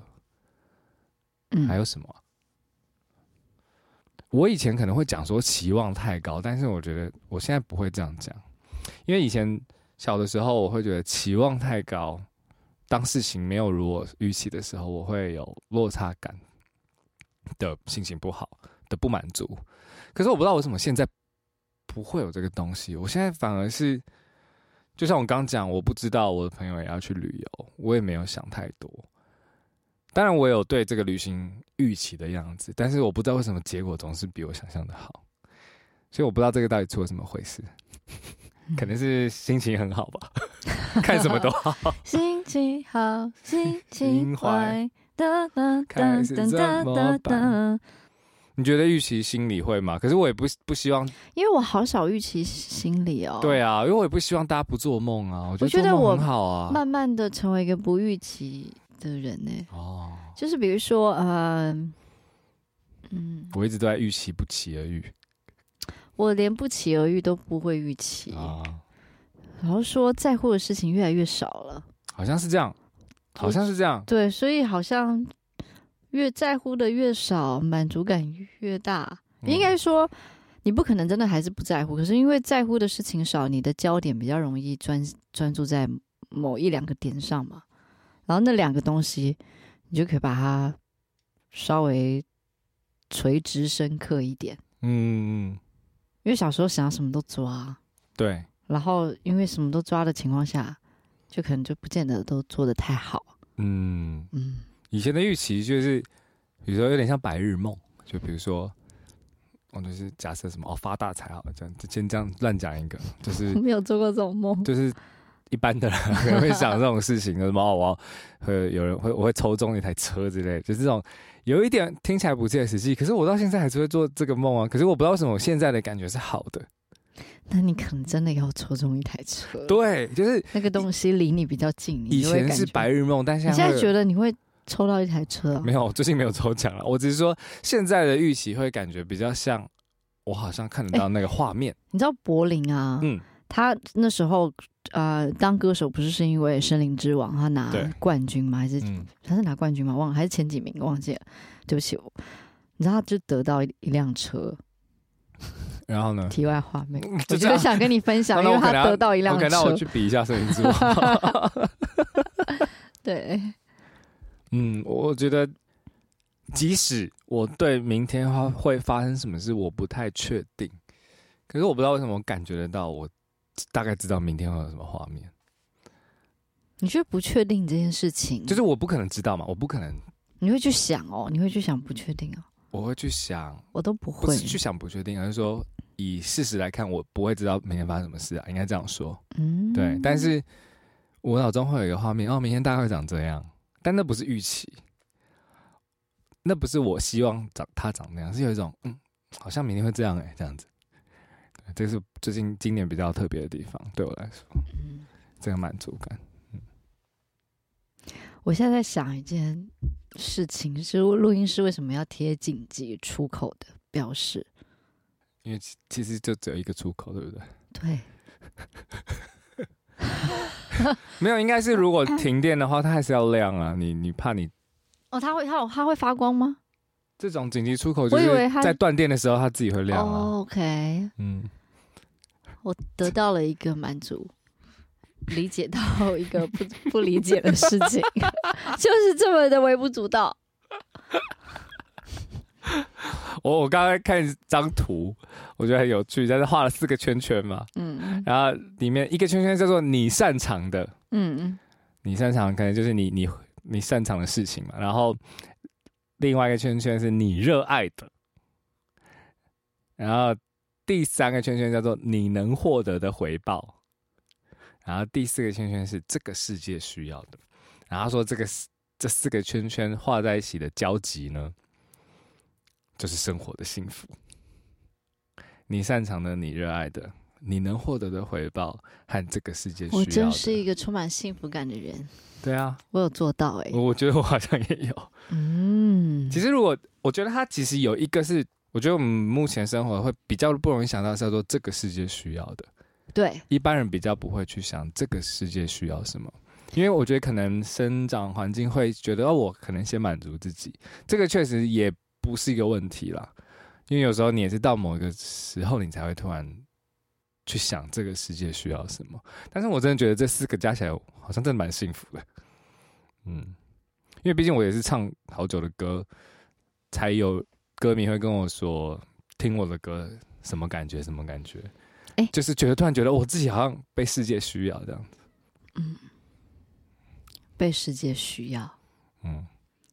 還有什麼啊？我以前可能會講說期望太高，但是我覺得我現在不會這樣講，因為以前小的時候我會覺得期望太高，當事情沒有如我預期的時候，我會有落差感。的心情不好，的不滿足，可是我不知道為什麼現在不會有這個東西。我現在反而是，就像我剛講，我不知道我的朋友也要去旅遊，我也沒有想太多。當然，我也有對這個旅行預期的樣子，但是我不知道為什麼結果總是比我想象的好。所以我不知道這個到底出了什麼回事，嗯、可能是心情很好吧， 看什麼都好，心情好，心情壞。噠噠噠，噠噠噠噔，你覺得預期心理會嗎？可是我也不不希望，因為我好少預期心理哦、喔。對啊，因為我也不希望大家不做夢啊，啊，我覺得我。做夢很好啊。慢慢的成為一個不預期的人呢、欸。哦，就是比如說，嗯、呃，嗯，我一直都在預期不期而遇。我連不期而遇都不會預期啊。然後說在乎的事情越來越少了，好像是這樣。好像是這樣，對，所以好像越在乎的越少，滿足感越大。應該說，你不可能真的還是不在乎，可是因為在乎的事情少，你的焦點比較容易專專注在某一兩個點上嘛。然後那兩個東西，你就可以把它稍微垂直深刻一點。嗯，嗯嗯，因為小時候想要什麼都抓，對，然後因為什麼都抓的情況下。就可能就不見得都做的太好。嗯，以前的預期就是，有時候有點像白日夢，就比如說，我就是假設什麼哦發大財好了，這樣就先這樣亂講一個，就是 沒有做過這種夢，就是一般的，可能會想這種事情， 什麼哦我會有人我會我會抽中一台車之類的，就是、這種有一點聽起來不切實際，可是我到現在還是會做這個夢啊，可是我不知道為什麼，我現在的感覺是好的。那你可能真的要抽中一台車，對，就是那個東西離你比較近。以前是白日夢，但現在，你現在覺得你會抽到一台車？啊。沒有，我最近沒有抽獎了。我只是說現在的預期會感覺比較像，我好像看得到那個畫面。欸，你知道柏林啊？嗯，他那時候呃，當歌手不是是因為《森林之王》他拿冠軍嗎？還是、嗯、他是拿冠軍嗎？忘了，還是前幾名？忘記了，對不起我。你知道，他就得到一輛車。然後呢？題外話，沒就我覺得想跟你分享， 因為他得到一輛車。啊、我感到、 okay, 我去比一下聲音值。 對，嗯，我覺得，即使我對明天會發生什麼事，我不太確定。可是我不知道為什麼，我感覺得到，我大概知道明天會有什麼畫面。你就不確定這件事情，就是我不可能知道嘛？我不可能。你會去想哦，你會去想不確定哦，我會去想，我都不會不去想不確定，而是說。以事實來看，我不會知道明天發生什麼事啊，應該這樣說，嗯。對。但是我腦中會有一個畫面，哦，明天大概會長這樣。但那不是預期，那不是我希望長他長那樣，是有一種，嗯，好像明天會這樣哎，欸，這樣子。這是最近今年比較特別的地方，對我來說，這個滿足感，嗯，我現在在想一件事情，是錄音師為什麼要貼緊急出口的標示？因為其實就只有一個出口，對不對？對， 沒有，應該是如果停電的話，它還是要亮啊。你你怕你？哦，它會它有它會發光嗎？這種緊急出口，就是在斷電的時候它，它自己會亮啊。Oh, OK，嗯，我得到了一個滿足，理解到一個不不理解的事情， 就是這麼的微不足道。我我剛剛看一張圖，我覺得很有趣，但是畫了四個圈圈嘛，嗯，然後裡面一個圈圈叫做你擅長的，嗯嗯，你擅長的可能就是你你你擅長的事情嘛，然後另外一個圈圈是你熱愛的，然後第三個圈圈叫做你能獲得的回報，然後第四個圈圈是這個世界需要的，然後他說這個這四個圈圈畫在一起的交集呢？就是生活的幸福。你擅長的，你熱愛的，你能獲得的回報，和這個世界需要的。我真是一個充滿幸福感的人。對啊，我有做到哎、欸。我覺得我好像也有。嗯，其實如果我覺得他其實有一個是，我覺得我們目前生活會比較不容易想到是要做這個世界需要的。對，一般人比較不會去想這個世界需要什麼？因為我覺得可能生長環境會覺得，哦，我可能先滿足自己。這個確實也。不是一個問題啦，因為有時候你也是到某一個時候，你才會突然去想這個世界需要什麼。但是我真的覺得這四個加起來，好像真的蠻幸福的。嗯，因為畢竟我也是唱好久的歌，才有歌迷會跟我說聽我的歌什麼感覺，什麼感覺？哎、欸，就是覺得突然覺得我自己好像被世界需要這樣子。嗯，被世界需要。嗯，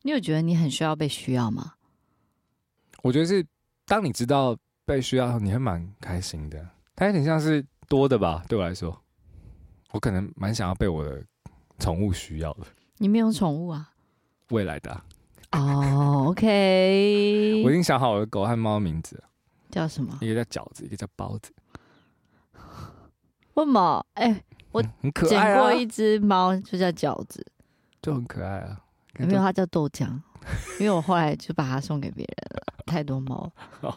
你有覺得你很需要被需要嗎？我覺得是，當你知道被需要，你會蠻開心的。它有點像是多的吧？對我來說，我可能蠻想要被我的寵物需要的。你沒有寵物啊？未來的哦、啊 oh,，OK。 我已經想好我的狗和貓名字了，叫什麼？一個叫餃子，一個叫包子。為什麼？哎、欸，我、嗯啊、撿過一只貓，就叫餃子，就很可愛啊。哦、因為它叫豆漿，因為我後來就把它送給別人了。太多毛。Oh.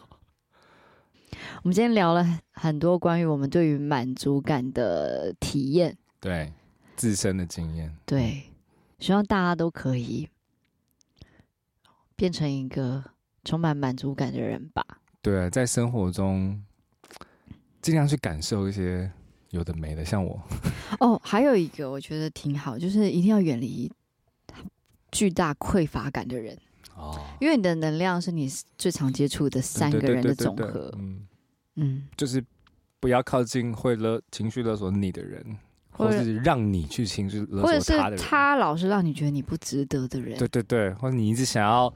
我們今天聊了很多關於我們對於滿足感的體驗，對，自身的經驗，對，希望大家都可以變成一個充滿滿足感的人吧。對啊，在生活中，盡量去感受一些有的沒的，像我。哦 ，Oh，還有一個我覺得挺好，就是一定要遠離巨大匱乏感的人。哦，因為你的能量是你最常接觸的三個人的總和。嗯，嗯，就是不要靠近會勒情緒勒索你的人，或者，或者是，是讓你去情緒勒索他的人，或者是他老是讓你覺得你不值得的人。對對對，或者你一直想要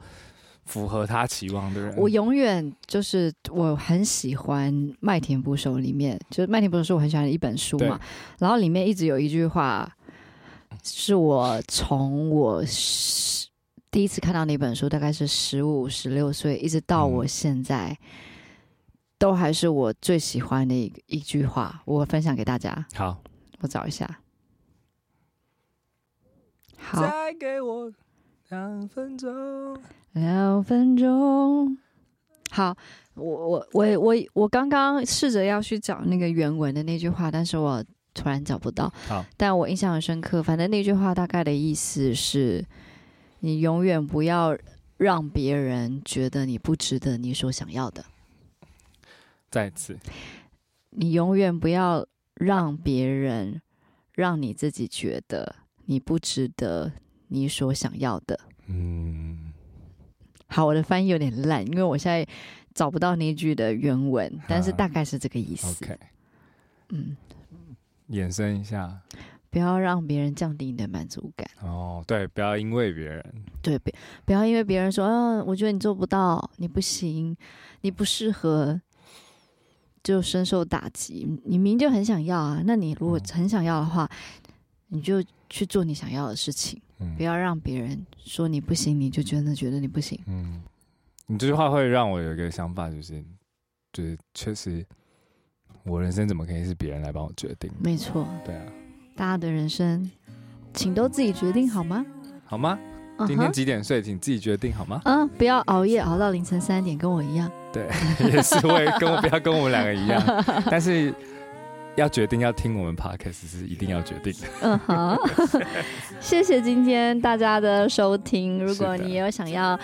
符合他期望的人。我永遠就是我很喜歡《麥田捕手》裡面，就是《麥田捕手》我很喜歡的一本書嘛。然後裡面一直有一句話，是我從我是。第一次看到那本書，大概是十五、十六歲，一直到我現在、嗯，都還是我最喜歡的一一句話，我分享給大家。好，我找一下。好，再給我兩分鐘，兩分鐘。好，我我我我我剛剛試着要去找那個原文的那句話，但是我突然找不到、嗯。好，但我印象很深刻。反正那句話大概的意思是。你永遠不要讓別人覺得你不值得你所想要的。再次，你永遠不要讓別人讓你自己覺得你不值得你所想要的。嗯，好，我的翻譯有點爛，因為我現在找不到那句的原文，嗯，但是大概是這個意思。Okay，嗯，衍生一下。不要讓別人降低你的滿足感哦。對，不要因為別人對，別不，不要因為別人說，嗯、啊，我覺得你做不到，你不行，你不適合，就深受打擊。你明就很想要啊，那你如果很想要的話，嗯、你就去做你想要的事情。嗯、不要讓別人說你不行，你就真的覺得你不行。嗯。你這句話會讓我有一個想法，就是，就是確實，我人生怎麼可以是別人來幫我決定？沒錯。對啊。大家的人生，請都自己決定好嗎？好嗎？Uh -huh. 今天幾點睡，請自己決定好嗎？嗯、uh -huh.，uh -huh. 不要熬夜，熬到凌晨三點，跟我一樣。對， 也是會跟我不要跟我們兩個一樣。 但是要決定要聽我們 podcast 是一定要決定的。嗯，好。謝謝今天大家的收聽。如果你也有想要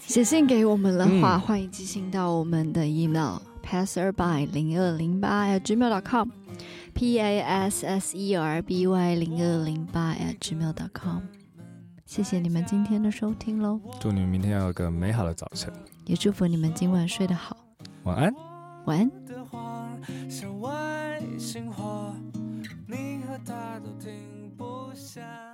寫信給我們的話，的歡迎寄信到我們的 email、嗯、passerby 零二零八 at gmail.com。p a s s e r b y 零二零八 at gmail.com，謝謝你們今天的收聽嘍，祝你們明天要有個美好的早晨，也祝福你們今晚睡得好，晚安，晚安。